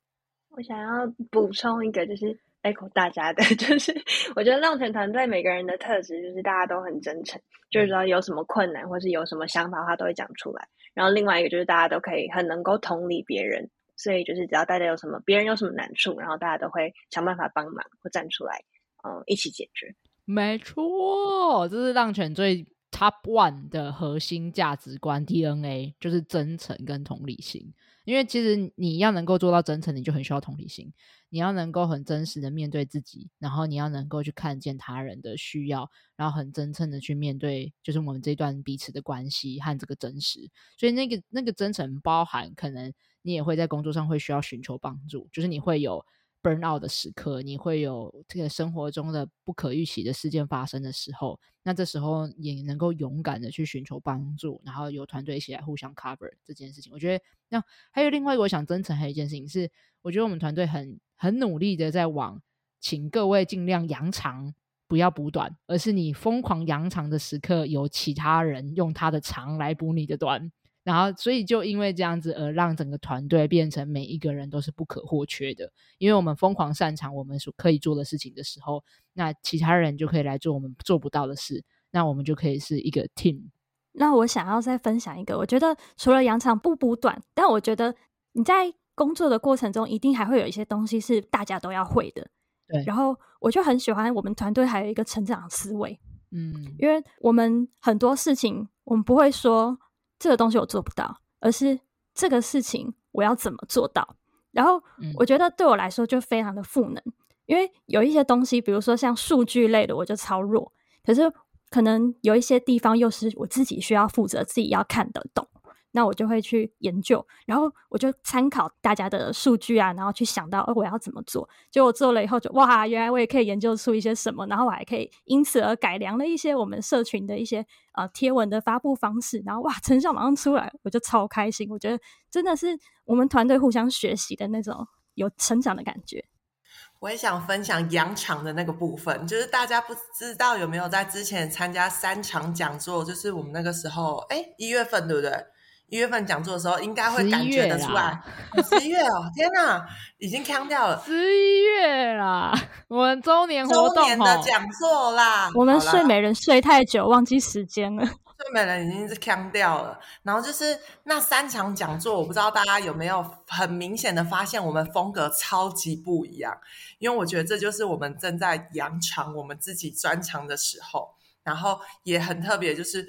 Speaker 6: 我想要補充一個，就是。Echo 大家的，就是我覺得浪犬團隊每個人的特質，就是大家都很真誠，就是說有什麼困難或是有什麼想法的話，都會講出來。然後另外一個就是大家都可以很能夠同理別人，所以就是只要大家有什麼，別人有什麼難處，然後大家都會想辦法幫忙或站出來，嗯，一起解決。沒錯，
Speaker 1: 這是浪犬最 top one 的核心價值觀 DNA，就是真誠跟同理心。因為其實你要能夠做到真誠，你就很需要同理心。你要能夠很真實的面對自己，然後你要能夠去看見他人的需要，然後很真誠的去面對，就是我們這段彼此的關係和這個真實。所以那個那個真誠，包含可能你也會在工作上會需要尋求幫助，就是你會有。紛擾的時刻，你會有這個生活中的不可預期的事件發生的時候，那這時候也能夠勇敢的去尋求幫助，然後有團隊一起來互相 cover 這件事情。我覺得，那還有另外一個我想真誠還有一件事情是，我覺得我們團隊很很努力的在往，請各位盡量揚長，不要補短，而是你瘋狂揚長的時刻，有其他人用他的長來補你的短。然後，所以就因為這樣子而讓整個團隊變成每一個人都是不可或缺的。因為我們瘋狂擅長我們所可以做的事情的時候，那其他人就可以來做我們做不到的事，那我們就可以是一個 team。
Speaker 5: 那我想要再分享一個，我覺得除了揚長不補短，但我覺得你在工作的過程中一定還會有一些東西是大家都要會的。對。然後我就很喜歡我們團隊還有一個成長思維。嗯。因為我們很多事情，我們不會說。這個東西我做不到，而是這個事情我要怎麼做到？然後我覺得對我來說就非常的賦能，嗯，因為有一些東西，比如說像數據類的，我就超弱。可是可能有一些地方又是我自己需要負責，自己要看得懂。那我就會去研究，然後我就參考大家的數據啊，然後去想到，哦、哎，我要怎麼做？就我做了以後就、就哇，原來我也可以研究出一些什麼，然後我還可以因此而改良了一些我們社群的一些呃貼文的發布方式，然後哇，成效馬上出來，我就超開心。我覺得真的是我們團隊互相學習的那種有成長的感覺。
Speaker 3: 我也想分享揚場的那個部分，就是大家不知道有沒有在之前參加三場講座，就是我們那個時候，哎，一月份對不對？一月份講座的時候，應該會感覺得出來。十一月 哦，十一月，天哪，已經 cancel 掉了。十一月啦，我們周年活動、哦、週年的講座啦。我們睡美
Speaker 5: 人睡太久，忘記時間了。
Speaker 3: 睡美人已經是 cancel 掉了。然後就是那三場講座，我不知道大家有沒有很明顯的發現，我們風格超級不一樣。因為我覺得這就是我們正在揚長我們自己專長的時候，然後也很特別，就是。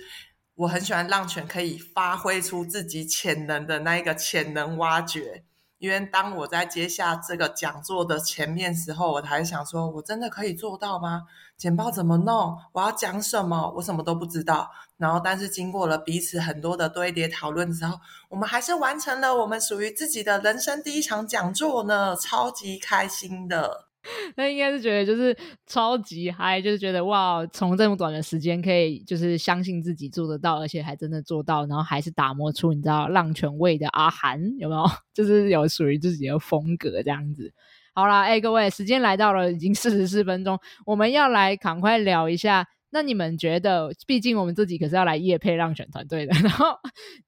Speaker 3: 我很喜歡浪犬可以發揮出自己潛能的那一個潛能挖掘，因為當我在接下這個講座的前面時候，我還想說，我真的可以做到嗎？簡報怎麼弄？我要講什麼？我什麼都不知道。然後，但是經過了彼此很多的堆疊討論之後，我們還是完成了我們屬於自己的人生第一場講座呢，超級開心的。
Speaker 1: 那應該是覺得就是超級嗨，就是覺得哇，從這麼短的時間可以就是相信自己做得到，而且還真的做到，然後還是打磨出你知道浪犬味的阿涵有沒有？就是有屬於自己的風格這樣子。好啦，誒、欸，各位，時間來到了已經四十四分鐘，我們要來趕快聊一下。那你們覺得，畢竟我們自己可是要來業配浪犬團隊的，然後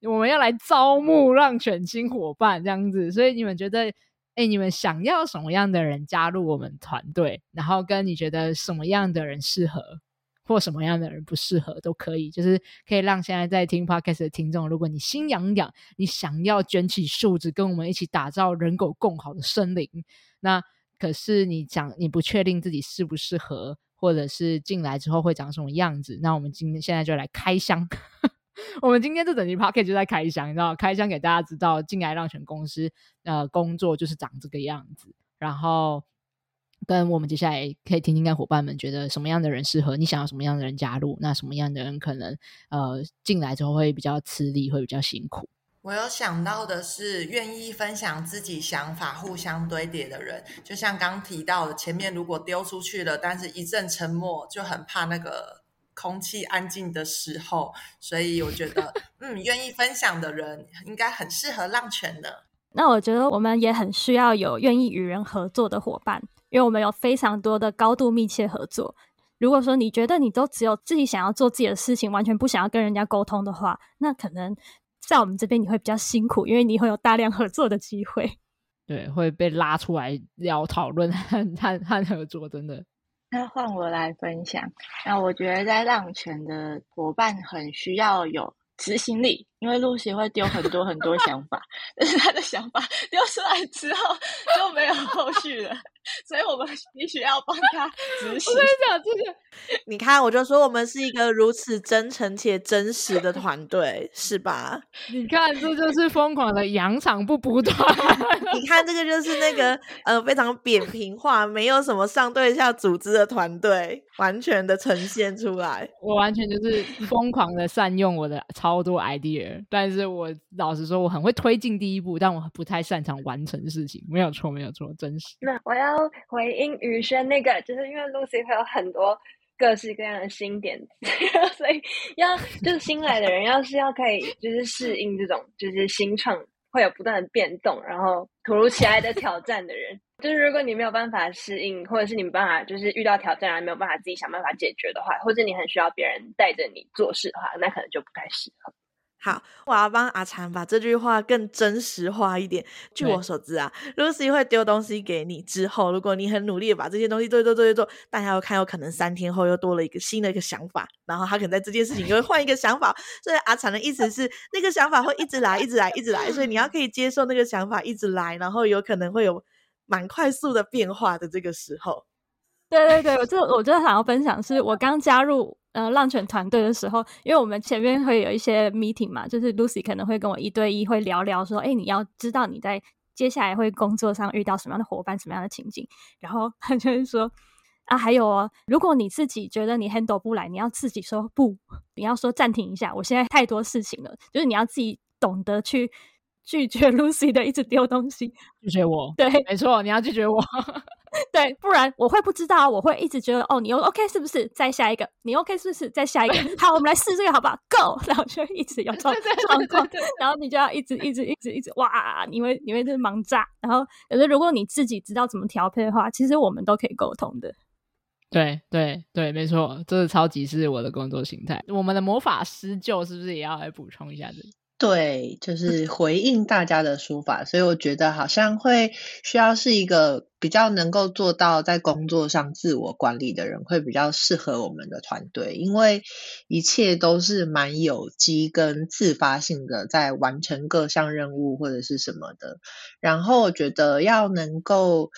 Speaker 1: 我們要來招募浪犬新夥伴這樣子，所以你們覺得？哎，你們想要什麼樣的人加入我們團隊？然後跟你覺得什麼樣的人適合，或什麼樣的人不適合都可以，就是可以讓現在在聽 Podcast 的聽眾，如果你心癢癢，你想要捲起袖子跟我們一起打造人狗共好的森林，那可是你講你不確定自己適不適合，或者是進來之後會長什麼樣子，那我們今現在就來開箱。 我們今天這整集 Podcast 就在開箱，你知道，開箱給大家知道，進來浪犬公司、呃、工作就是長這個樣子。然後跟我們接下來可以聽聽看夥伴們覺得什麼樣的人適合，你想要什麼樣的人加入，那什麼樣的人可能呃進來之後會比較吃力，會比較辛苦。
Speaker 6: 我有
Speaker 3: 想到的是，願意分享自己想法、互相堆疊的人，就像剛提到的，前面如果丟出去了，但是一陣沉默，就很怕那個。空氣安靜的時候，所以我覺得， 嗯，願意分享的人應該很適合浪犬的。
Speaker 5: 那我覺得我們也很需要有願意與人合作的夥伴，因為我們有非常多的高度密切合作。如果說你覺得你都只有自己想要做自己的事情，完全不想要跟人家溝通的話，那可能在我們這邊你會比較辛苦，因為你會有大量合作的機會。
Speaker 1: 對，會被拉出來聊討論和和和合作，
Speaker 5: 真的。那換我來分享。那我覺得在浪
Speaker 2: 犬的夥伴很需要有執行力，因為露西會丟很多很多想法， 但是他的想法丟出來之後就沒有後續了。 所以我們必須要幫他執行。 我跟你講，這個你看，我就說我們是一個如此真誠且真實的團隊，是吧？ 你看，這就是瘋狂的揚長不補短。 你看，這個就是那個呃，非常扁平化，沒有什麼上對下組織的團隊。完全的呈現出來，
Speaker 1: 我完全就是瘋狂的善用我的超多 idea，但是我老實說我很會推進第一步，但我不太擅長完成事情。沒有錯，沒有錯，真實。
Speaker 6: 那我要回應雨軒那個，就是因為 Lucy 會有很多各式各樣的新點子，所以要就是新來的人，要是要可以就是適應這種就是新創，會有不斷的變動，然後突如其來的挑戰的人， 就是如果你沒有辦法適應，或者是你沒辦法，就是遇到挑戰，然後啊，沒有辦法自己想辦法解決的話，或者你很需要別人帶着你做事的話，那可能就不太適合。
Speaker 2: 好，我要幫阿 Chan 把這句話更真實化一點。據我所知啊，Lucy 會丟東西給你之後，如果你很努力的把這些東西做一做做一做做，大家要看，有可能三天後又多了一個新的一個想法，然後他可能在這件事情又換一個想法。 所以阿 Chan 的意思是，那個想法會一直來，一直來，一直來。所以你要可以接受那個想法一直來，然後有可能會有蠻快速的變化的這個時候。
Speaker 5: 對對對，我就我就想要分享是我剛加入。 呃，浪犬團隊的時候，因為我們前面會有一些 meeting 嘛，就是 Lucy 可能會跟我一對一會聊聊，說，哎、欸，你要知道你在接下來會工作上遇到什麼樣的夥伴，什麼樣的情景。然後他就會說，啊，還有，哦，如果你自己覺得你 handle 不來，你要自己說不，你要說暫停一下，我現在太多事情了，就是你要自己懂得去拒絕 Lucy 的一直丟東西，
Speaker 4: 拒絕我，
Speaker 5: 對，沒錯，你要拒絕我。 對，不然我會不知道，我會一直覺得哦，你又 OK 是不是？再下一個，你 OK 是不是？再下一個， 好，我們來試,試這個好不好？Go，然後就一直有撞 對對對對對對對撞撞，然後你就要一直一直一直一直哇！你會你會是盲炸，然後可是如果你自己知道怎麼調配的話，其實我們都可以溝通的。
Speaker 1: 對對對，沒錯，這是超級是我的工作心態。我們的魔法師 Jill 是不是也要來補充一下子？
Speaker 7: 對，就是回應大家的說法，所以我覺得好像會需要是一個比較能夠做到在工作上自我管理的人，會比較適合我們的團隊，因為一切都是蠻有機跟自發性的，在完成各項任務或者是什麼的。然後我覺得要能夠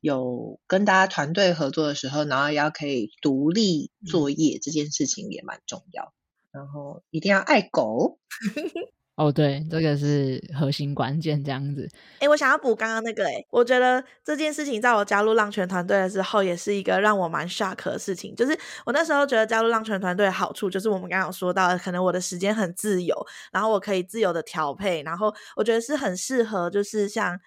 Speaker 7: 有跟大家團隊合作的時候，然後也要可以獨立作業，嗯，這件事情也蠻重要。然後一定要愛狗。 哦，對，這個是
Speaker 1: 核心關鍵這樣子。
Speaker 2: 誒、欸、我想要補剛剛那個、欸，誒，我覺得這件事情在我加入浪犬團隊的時候，也是一個讓我蠻 shock 的事情。就是我那時候覺得加入浪犬團隊的好處，就是我們剛剛有說到的，可能我的時間很自由，然後我可以自由的調配，然後我覺得是很適合，就是像。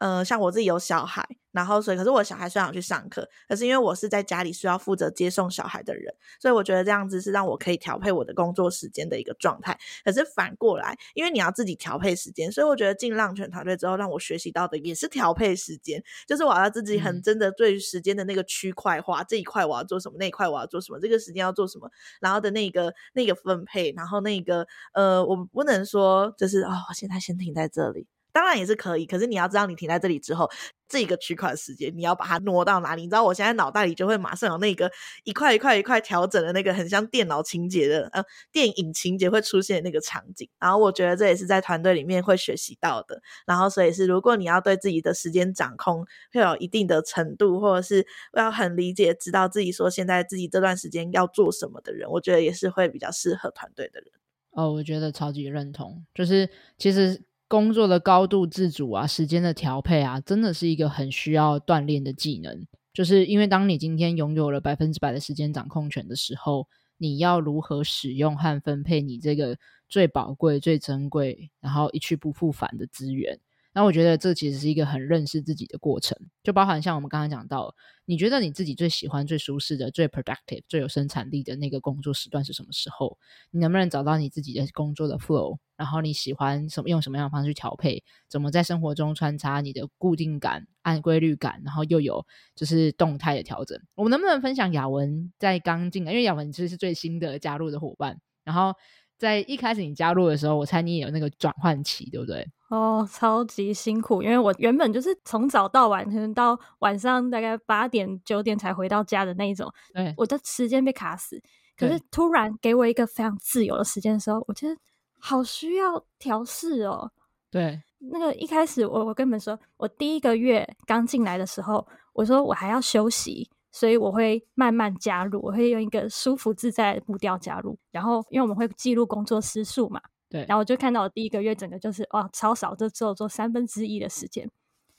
Speaker 2: 呃，像我自己有小孩，然後所以可是我小孩雖然去上課，可是因為我是在家裡需要負責接送小孩的人，所以我覺得這樣子是讓我可以調配我的工作時間的一個狀態。可是反過來，因為你要自己調配時間，所以我覺得進浪犬團隊之後，讓我學習到的也是調配時間，就是我要自己很真的對時間的那個區塊化，嗯、這一塊我要做什麼，那一塊我要做什麼，這個時間要做什麼，然後的那個那個分配，然後那個呃，我不能說就是哦，我現在先停在這裡。當然也是可以，可是你要知道，你停在這裡之後，這個區塊時間，你要把它挪到哪裡？你知道，我現在腦袋裡就會馬上有那個一塊一塊一塊調整的那個，很像電腦情節的呃電影情節會出現那個場景。然後我覺得這也是在團隊裡面會學習到的。然後所以是，如果你要對自己的時間掌控會有一定的程度，或者是要很理解知道自己說現在自己這段時間要做什麼的人，我覺得也是會比較適合團隊的人。
Speaker 1: 哦，我覺得超級認同，就是其實。工作的高度自主啊，時間的調配啊，真的是一個很需要鍛煉的技能。就是因為當你今天擁有了百分之百的時間掌控權的時候，你要如何使用和分配你這個最寶貴、最珍貴，然後一去不復返的資源？那我覺得這其實是一個很認識自己的過程，就包含像我們剛剛講到，你覺得你自己最喜歡、最舒適的、最 productive、最有生產力的那個工作時段是什麼時候？你能不能找到你自己的工作的 flow？然後你喜歡什麼？用什麼樣的方式去調配？怎麼在生活中穿插你的固定感、按規律感，然後又有就是動態的調整？我們能不能分享雅文在剛進來，因為雅文其實是最新的加入的夥伴。然後在一開始你加入的時候，我猜你也有那個轉換期，對不對？
Speaker 5: 哦，超級辛苦，因為我原本就是從早到晚，可能到晚上大概八點九點才回到家的那一種，對，我的時間被卡死。可是突然給我一個非常自由的時間的時候，我覺得好需要調適哦。對，那個一開始我，我跟你們說，我第一個月剛進來的時候，我說我還要休息，所以我會慢慢加入，我會用一個舒服自在的步調加入。然後因為我們會記錄工作時數嘛。對，然後我就看到我第一個月整個就是哇超少，就只有做三分之一的時間。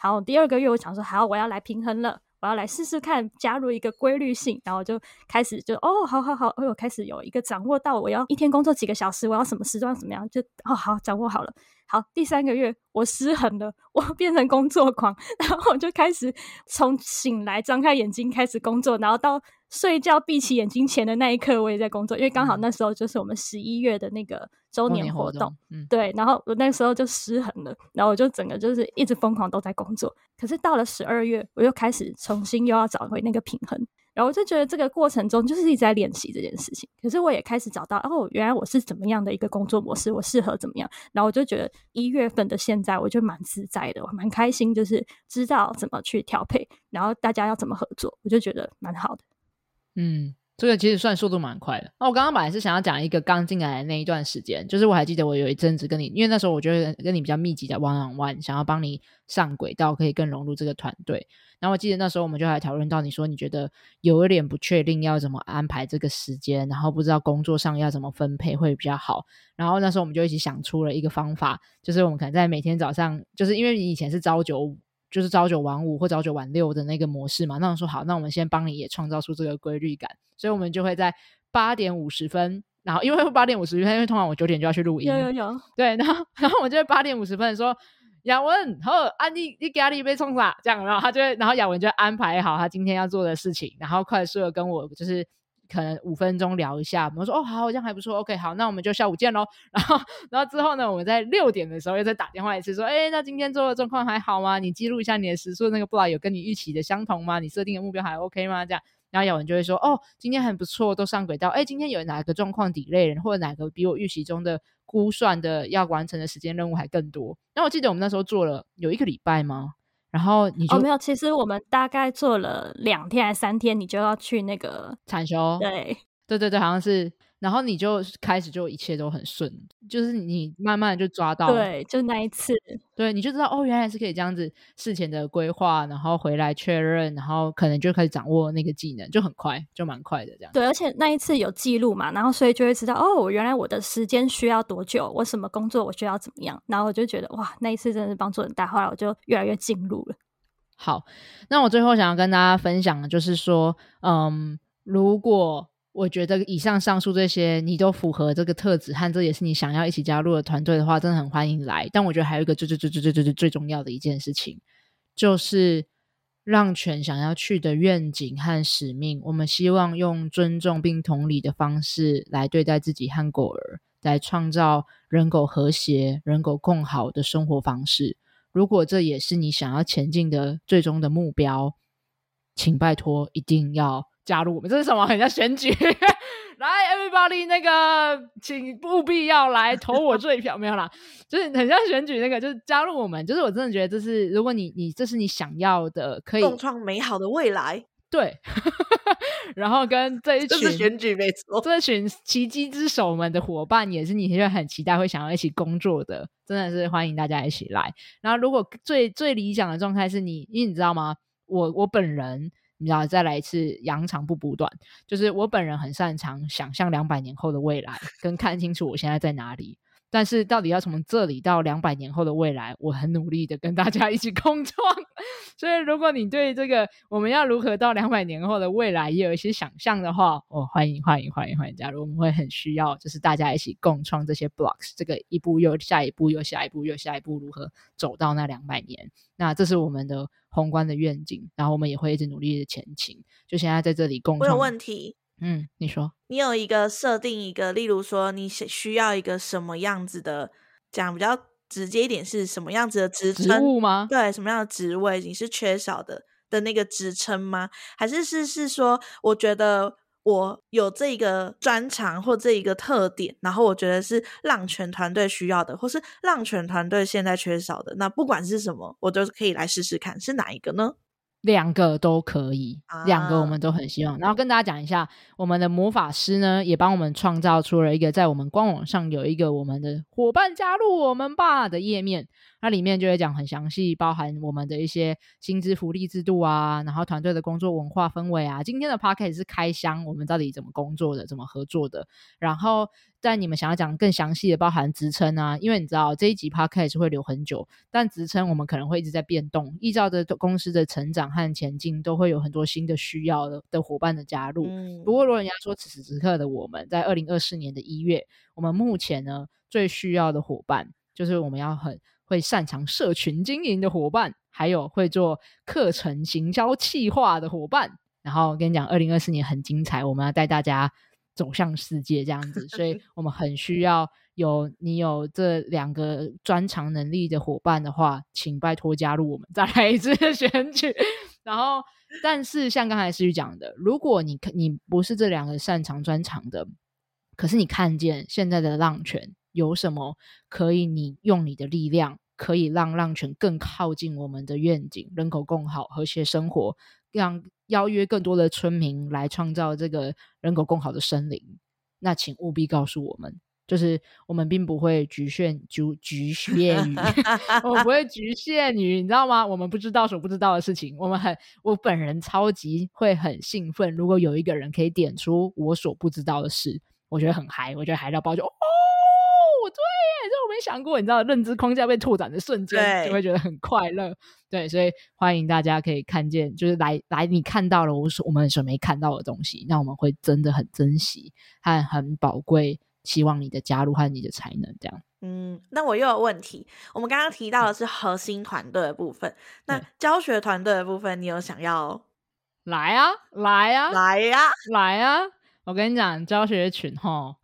Speaker 5: 然後第二個月我想說，好，我要來平衡了，我要來試試看加入一個規律性，然後就開始就哦，好好好，我、哎、開始有一個掌握到，我要一天工作幾個小時，我要什麼時段怎麼樣，就哦好掌握好了。好，第三個月我失衡了，我變成工作狂，然後我就開始從醒來、張開眼睛開始工作，然後到。睡覺閉起眼睛前的那一刻，我也在工作，因為剛好那時候就是我們十一月的那個週年活動，對。然後我那時候就失衡了，然後我就整個就是一直瘋狂都在工作。可是到了十二月，我又開始重新又要找回那個平衡。然後我就覺得這個過程中就是一直在練習這件事情。可是我也開始找到哦，原來我是怎麼樣的一個工作模式，我適合怎麼樣。然後我就覺得一月份的現在，我就蠻自在的，我蠻開心，就是知道怎麼去調配，然後大家要怎麼合作，我就覺得蠻好的。
Speaker 4: 嗯，
Speaker 1: 這個其實算速度蠻快的。
Speaker 5: 那我剛剛本來是
Speaker 1: 想要講一個剛進來的那一段時間，就是我還記得我有一陣子跟你，因為那時候我覺得跟你比較密集的 one on one，想要幫你上軌道，可以更融入這個團隊。然後我記得那時候我們就還討論到，你說你覺得有一點不確定，要怎麼安排這個時間，然後不知道工作上要怎麼分配會比較好。然後那時候我們就一起想出了一個方法，就是我們可能在每天早上，就是因為你以前是朝九五。就是朝九晚五或朝九晚六的那個模式嘛，那我說好，那我們先幫你也創造出這個規律感，所以我們就會在八點五十分，然後因為會八點五十分因為通常我九點就要去錄音，有有有，對，然後然後我們就會八點五十分說雅文，然後啊你你壓力被沖散，這樣，然後他就會然後雅文就安排好他今天要做的事情，然後快速的跟我就是。可能五分鐘聊一下，我們說哦，好像還不錯，OK，好，那我們就下午見嘍。然後，然後之後呢，我們在六點的時候又再打電話一次，說，哎、欸，那今天做的狀況還好嗎？你記錄一下你的時速，那個 block 有跟你預期的相同嗎？你設定的目標還 OK 嗎？這樣，然後有人就會說，哦，今天很不錯，都上軌道。哎、欸，今天有哪個狀況 delay，或者哪個比我預期中的估算的要完成的時間任務還更多？那我記得我們那時候做了有一個禮拜嗎？然後你就，哦，沒有，其實我們大概做了
Speaker 5: 兩天還是三天，你就要去那個
Speaker 1: 產休。對對對對，好像是。然後你就開始就一切都很順，就是你慢慢就抓到，對，
Speaker 5: 就那一次，
Speaker 1: 對，你就知道哦，原來是可以這樣子事前的規劃，然後回來確認，然後可能就開始掌握那個技能，就很快，就蠻快的這樣。
Speaker 5: 對，而且那一次有記錄嘛，然後所以就會知道哦，原來我的時間需要多久，我什麼工作我需要怎麼樣，然後我就覺得哇，那一次真的是幫助很大，後來我就越來越進入了。
Speaker 1: 好，那我最後想要跟大家分享的就是說，嗯，如果。我覺得以上上述這些你都符合這個特質，和這也是你想要一起加入的團隊的話，真的很歡迎來。但我覺得還有一個最最最最最最最最最最最重要的一件事情，就是浪犬想要去的願景和使命。我們希望用尊重並同理的方式來對待自己和狗兒，來創造人狗和諧、人狗共好的生活方式。如果這也是你想要前進的最終的目標，請拜托一定要加入我們，這是什麼？很像選舉。 來，everybody，那個，請務必要來投我這一票， 沒有啦，就是很像選舉那個，就是加入我們，就是我真的覺得這是，如果你你這是你想要的，可以共創美好的未來。對， 然後跟這一群這是選舉沒錯，這一群奇蹟之手們的夥伴，也是你很期待會想要一起工作的，真的是歡迎大家一起來。然後，如果最最理想的狀態是你，因為你知道嗎？我我本人。你知道，再來一次，揚長不補短，就是我本人很擅長想象兩百年後的未來，跟看清楚我現在在哪裡。但是，到底要從這裡到兩百年後的未來，我很努力的跟大家一起共創。 所以，如果你對這個我們要如何到兩百年後的未來也有一些想象的話，我、哦、歡迎歡迎歡迎歡迎加入。我們會很需要，就是大家一起共創這些 blocks，這個一步又下一步又下一步又，下一步，又下一步如何走到那兩百年。那這是我們的宏觀的願景，然後我們也會一直努力的前行。就現在在這裡共創。我有問題。嗯，你說，
Speaker 2: 你有一個設定一個，例如說，你需要一個什麼樣子的，講比較直接一點，是什麼樣子的職稱職務嗎？對，什麼樣的職位你是缺少的的那個職稱嗎？還是是是說，我覺得我有這一個專長或這一個特點，然後我覺得是浪犬團隊需要的，或是浪犬團隊現在缺少的，那不管是什麼，我都可以來試試看，是哪一個呢？
Speaker 1: 兩個都可以，啊、兩個我們都很希望。然後跟大家講一下，我們的魔法師呢，也幫我們創造出了一個在我們官網上有一個我們的夥伴加入我們吧的頁面。它裡面就會講很詳細，包含我們的一些薪資福利制度啊，然後團隊的工作文化氛圍啊。今天的 Podcast 是開箱，我們到底怎麼工作的，怎麼合作的。然後在你們想要講更詳細的，包含職稱啊，因為你知道這一集 Podcast 是會留很久，但職稱我們可能會一直在變動，依照着公司的成長和前進，都會有很多新的需要的、的夥伴的加入。嗯、不過，如果人家說此時此刻的我們，在二零二四年的一月，我們目前呢最需要的夥伴，就是我們要很。會擅長社群經營的夥伴，還有會做課程行銷企劃的夥伴。然後跟你講，二零二四年很精彩，我們要帶大家走向世界這樣子， 所以我們很需要有你有這兩個專長能力的夥伴的話，請拜託加入我們，再來一次選舉。然後，但是像剛才詩瑜講的，如果你你不是這兩個擅長專長的，可是你看見現在的浪犬。有什麼可以你用你的力量可以讓浪犬更靠近我們的願景，人狗共好和諧生活，讓邀約更多的村民來創造這個人狗共好的森林。那請務必告訴我們，就是我們並不會局限局局限於， 我不會局限於，你知道嗎？我們不知道所不知道的事情，我們很我本人超級會很興奮，如果有一個人可以點出我所不知道的事，我覺得很嗨，我覺得嗨到爆就哦。沒想過，你知道，認知框架被拓展的瞬間，就會覺得很快樂。對，所以歡迎大家可以看見，就是來來，你看到了我所我們所沒看到的東西，那我們會真的很珍惜還很寶貴。希望你的加入和你的才能，這樣。
Speaker 2: 嗯，那我又有問題。我們剛剛提到的是核心團隊的部分，嗯，那教學團隊的部分，你有想要
Speaker 1: 來啊？來啊！來啊！來啊！我跟你講，教學群齁，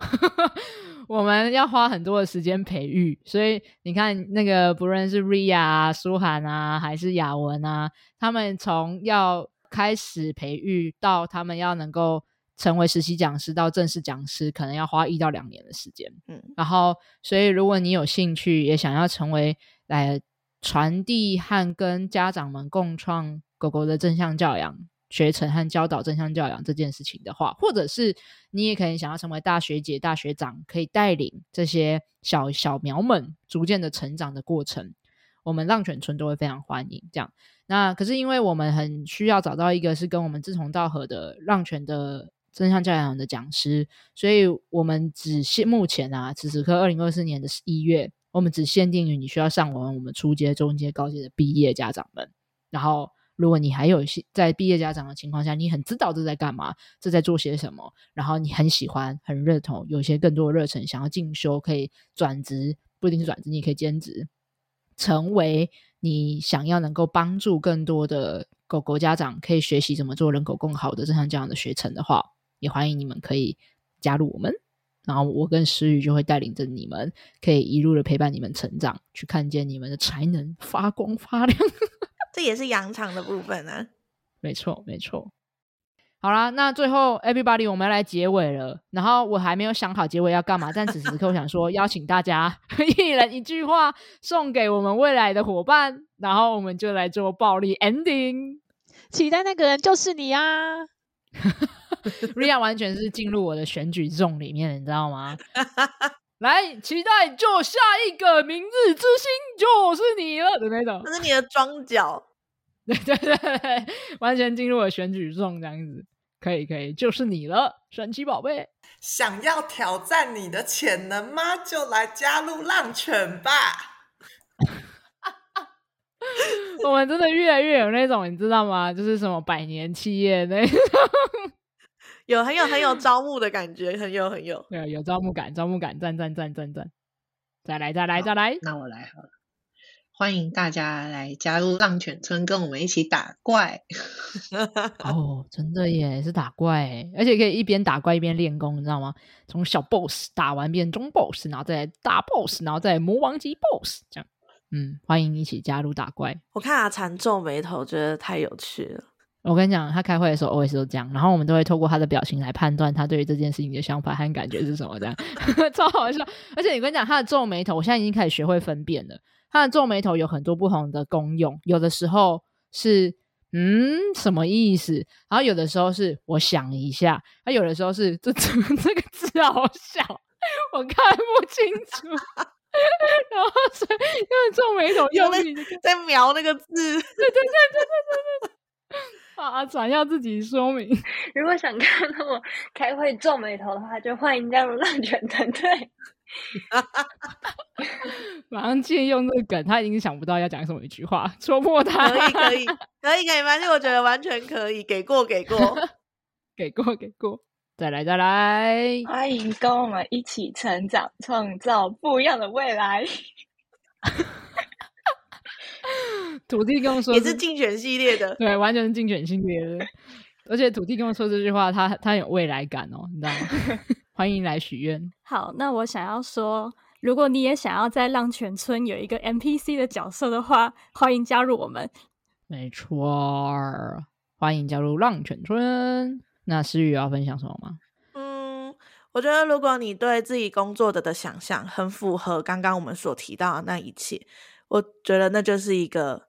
Speaker 1: 我們要花很多的時間培育，所以你看那個不論是 Ria 啊、舒涵啊，還是雅文啊，他們從要開始培育到他們要能夠成為實習講師，到正式講師，可能要花一到兩年的時間。嗯，然後所以如果你有興趣，也想要成為來傳遞和跟家長們共創狗狗的正向教養。學程和教導正向教養這件事情的話，或者是你也可能想要成為大學姐、大學長，可以帶領這些小小苗們逐漸的成長的過程，我們浪犬村都會非常歡迎這樣。那可是因為我們很需要找到一個是跟我們志同道合的浪犬的正向教養的講師，所以我們只限目前啊，此時刻二零二四年的一月，我們只限定於你需要上完我們初階、中階、高階的畢業家長們，然後。如果你還有一些在畢業家長的情況下，你很知道這在幹嘛，這在做些什麼，然後你很喜歡、很認同，有些更多的熱忱，想要進修，可以轉職，不一定是轉職，你也可以兼職，成為你想要能夠幫助更多的狗狗家長，可以學習怎麼做人狗共好的正像這，這樣的學程的話，也歡迎你們可以加入我們，然後我跟詩瑜就會帶領着你們，可以一路的陪伴你們成長，去看見你們的才能發光發亮。
Speaker 2: 這也是洋廠的部分呢？啊，
Speaker 1: 沒錯，沒錯。好啦，那最後 everybody 我們要來結尾了，然後我還沒有想好結尾要幹嘛，但此時此刻我想說邀請大家 一人一句話送給我們未來的夥伴，然後我們就來做暴力 ending，期待那個人就是你啊 ！Ria 完全是進入我的選舉中裡面，你知道嗎？ 來，期待就下一個明日之星就是你了，的那種這是你的樁腳。 對，對對對，完全進入了選舉中這樣子，可以可以，就是你了，神奇寶貝。想要挑戰
Speaker 3: 你的潛能嗎？就來加入浪犬吧！
Speaker 1: 我們真的越來越有那種，你知道嗎？就是什麼百年企業那種， 有很有很有招募的感覺，很有很有， 對，有招
Speaker 7: 募感，招募感，讚讚讚讚讚，再來再來再來，那我來好了。歡迎大家來加入浪犬村，跟我們一起打怪
Speaker 1: 哦，真的耶，是打怪，而且可以一邊打怪一邊練功，你知道嗎？從小 boss 打完變中 boss，然後再來大 boss，然後再來魔王級 boss，這樣。嗯，歡迎一起加入打怪。
Speaker 2: 我看阿 Chan 皺眉頭，覺得太有趣了。
Speaker 1: 我跟你講，他開會的時候 always 都這樣，然後我們都會透過他的表情來判斷他對於這件事情的想法和感覺是什麼， 這樣超好笑。而且你跟你講，他的皺眉頭，我現在已經開始學會分辨了。他的皺眉頭有很多不同的功用，有的時候是嗯，什麼意思，然後有的時候是我想一下，他有的時候是這怎麼這個字好小，我看不清楚， 然後所以因為皺眉頭用力
Speaker 6: 在描那個字，對對對對對對對， 啊轉向自己說明，如果想看到我開會皺眉頭的話，就歡迎加入浪犬團隊。
Speaker 1: 馬上借用這個梗，他已經想不到要講什麼一句話，戳破他 可以可以
Speaker 2: 可以可以，反正我覺得完全可以，給過
Speaker 1: 給過 給過給過，再來再來，歡迎跟我們一
Speaker 6: 起成長，創造不一樣的未來。
Speaker 1: 土地公說，也是競選系列的，對，完全是競選系列的。 而且土地公說這句話，他他有未來感哦，你知道嗎？ 歡迎來許願。
Speaker 5: 好，那我想要說，如果你也想要在浪犬村有一個 NPC 的角色的話，歡迎加入我們。
Speaker 1: 沒錯，歡迎加入浪犬村。那詩瑜要分享什麼嗎？嗯，
Speaker 5: 我覺得如果你對
Speaker 2: 自己工作的的想象很符合剛剛我們所提到的那一切，我覺得那就是一個，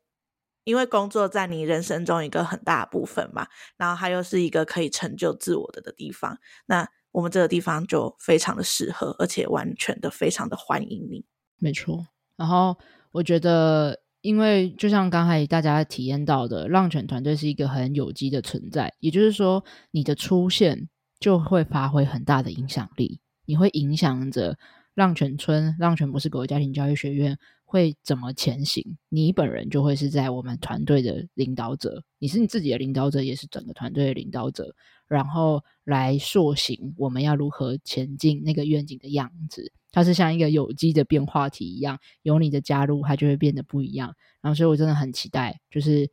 Speaker 2: 因為工作在你人生中一個很大的部分嘛，然後它又是一個可以成就自我的的地方。那我們這個地方就非常的適合，而且完全的非常的歡迎你。
Speaker 1: 沒錯，然後我覺得，因為就像剛才大家體驗到的，浪犬團隊是一個很有機的存在，也就是說，你的出現就會發揮很大的影響力，你會影響着浪犬村、浪犬博士狗家庭教育學院。會怎麼前行？你本人就會是在我們團隊的領導者，你是你自己的領導者，也是整個團隊的領導者，然後來塑形我們要如何前進那個願景的樣子。它是像一個有機的變化體一樣，有你的加入，它就會變得不一樣。然後，所以我真的很期待，就是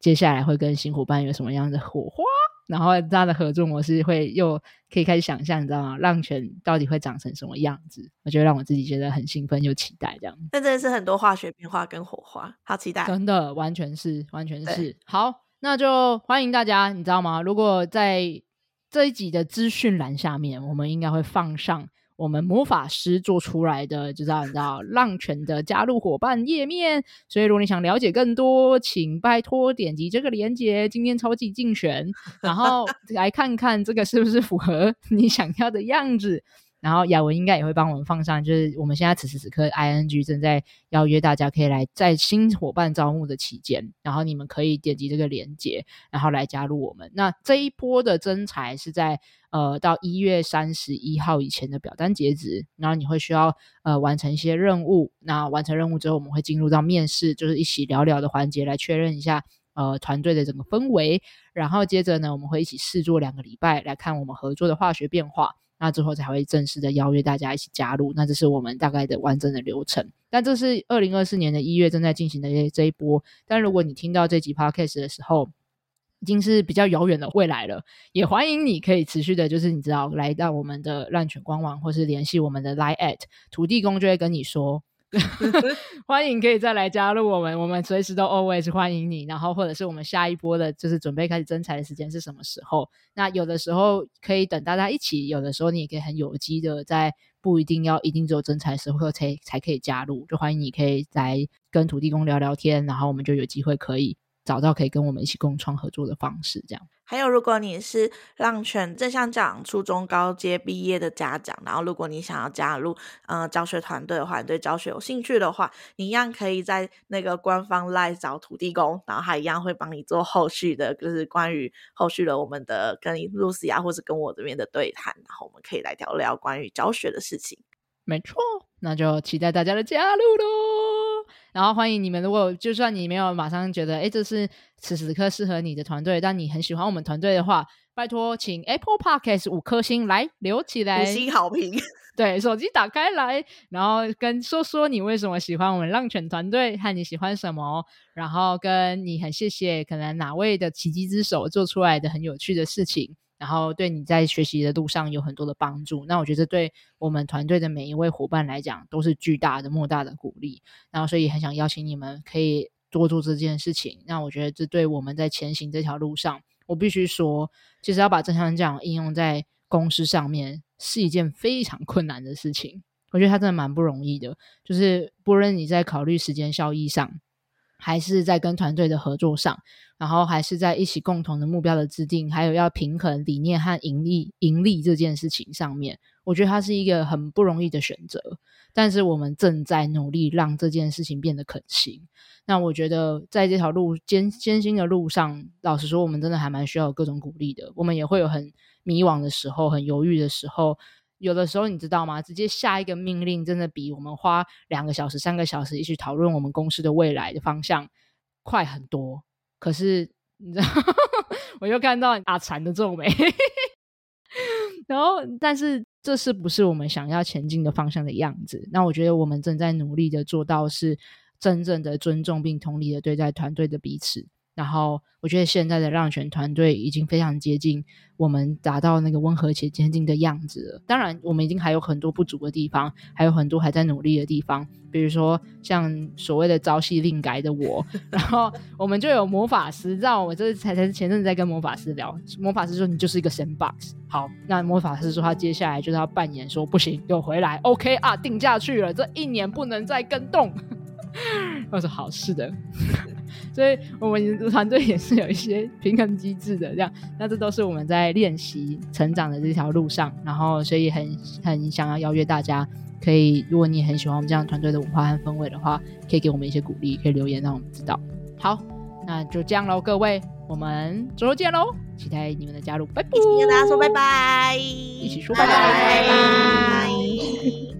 Speaker 1: 接下來會跟新夥伴有什麼樣的火花。然後，它的合作模式會又可以開始想象，你知道嗎？浪犬到底會長成什麼樣子？我覺得讓我自己覺得很興奮又期待，這樣。那真的是很多化學變化跟火花，好期待！真的，完全是，完全是。好，那就歡迎大家，你知道嗎？如果在這一集的資訊欄下面，我們應該會放上。我們魔法師做出來的，就是到浪犬的加入夥伴頁面。所以，如果你想了解更多，請拜託點擊這個鏈接，今天超級競選，然後來看看這個是不是符合你想要的樣子。然後雅文應該也會幫我們放上，就是我們現在此時此刻，ING 正在邀約大家，可以來在新伙伴招募的期間，然後你們可以點擊這個鏈接，然後來加入我們。那這一波的徵才是在呃到一月三十一號以前的表單截止，然後你會需要呃完成一些任務，那完成任務之後，我們會進入到面試，就是一起聊聊的環節來確認一下呃團隊的整個氛圍，然後接着呢，我們會一起試做兩個禮拜來看我們合作的化學變化。那之後才會正式的邀約大家一起加入，那這是我們大概的完整的流程。但這是二零二四年的一月正在進行的這一波。但如果你聽到這集 podcast 的時候，已經是比較遙遠的未來了。也歡迎你可以持續的，就是你知道來到我們的浪犬官網，或是聯繫我們的 line at 土地公就會跟你說。 歡迎可以再來加入我們，我們隨時都 always 歡迎你。然後或者是我們下一波的就是準備開始徵才的時間是什麼時候？那有的時候可以等大家一起，有的時候你也可以很有機的，在不一定要一定只有徵才時候才才可以加入。就歡迎你可以來跟土地公聊聊天，然後我們就有機會可以找到可以跟我們一起共創合作的方式，這樣。還
Speaker 2: 有，如果你是浪犬正向教養初中高階畢業的家長，然後如果你想要加入呃教學團隊的話，你對教學有興趣的話，你一樣可以在那個官方 LINE 找土地公，然後他一樣會幫你做後續的，就是關於後續的我們的跟露西亞或者跟我這邊的對談，然後我們可以來聊聊關於教學的
Speaker 1: 事情。沒錯。那就期待大家的加入嘍！然後歡迎你們，如果就算你沒有馬上覺得，哎，這是此時此刻適合你的團隊，但你很喜歡我們團隊的話，拜託，請 Apple Podcast 五顆星來留起來，五星好評。對，手機打開來，然後跟說說你為什麼喜歡我們浪犬團隊，和你喜歡什麼，然後跟你很謝謝可能哪位的奇蹟之手做出來的很有趣的事情。然後對你在學習的路上有很多的幫助，那我覺得這對我們團隊的每一位夥伴來講都是巨大的、莫大的鼓勵。然後所以很想邀請你們可以做做這件事情。那我覺得這對我們在前行這條路上，我必須說，其實要把正向教養應用在公司上面是一件非常困難的事情。我覺得它真的蠻不容易的，就是不論你在考慮時間效益上。還是在跟團隊的合作上，然後還是在一起共同的目標的制定，還有要平衡理念和盈利盈利，這件事情上面，我覺得它是一個很不容易的選擇。但是我們正在努力讓這件事情變得可行。那我覺得在這條路艱艱辛的路上，老實說，我們真的還蠻需要有各種鼓勵的。我們也會有很迷惘的時候，很猶豫的時候。有的時候，你知道嗎？直接下一個命令，真的比我們花兩個小時、三個小時一起討論我們公司的未來的方向快很多。可是，你知道， 我又看到阿殘的皺眉。 然後，但是這是不是我們想要前進的方向的樣子？那我覺得我們正在努力的做到，是真正的尊重並同理的對待團隊的彼此。然後我覺得現在的浪犬團隊已經非常接近我們達到那個溫和且堅定的樣子了。當然，我們已經還有很多不足的地方，還有很多還在努力的地方。比如說，像所謂的朝夕令改的我，然後我們就有魔法師。讓我這是才才是，前陣子在跟魔法師聊，魔法師說，你就是一個神 box。好，那魔法師說他接下來就是要扮演說，不行，給我回來，OK 啊，定下去了，這一年不能再更動。 我說好是好事的， 所以我們團隊也是有一些平衡機制的，這樣。那這都是我們在練習成長的這條路上，然後所以很很想要邀約大家，可以如果你很喜歡我們這樣團隊的文化和氛圍的話，可以給我們一些鼓勵，可以留言讓我們知道。好，那就這樣嘍，各位，我們之後見嘍，期待你們的加入，拜拜！跟大家說拜拜，一起說拜拜。Bye-bye, 拜拜拜拜。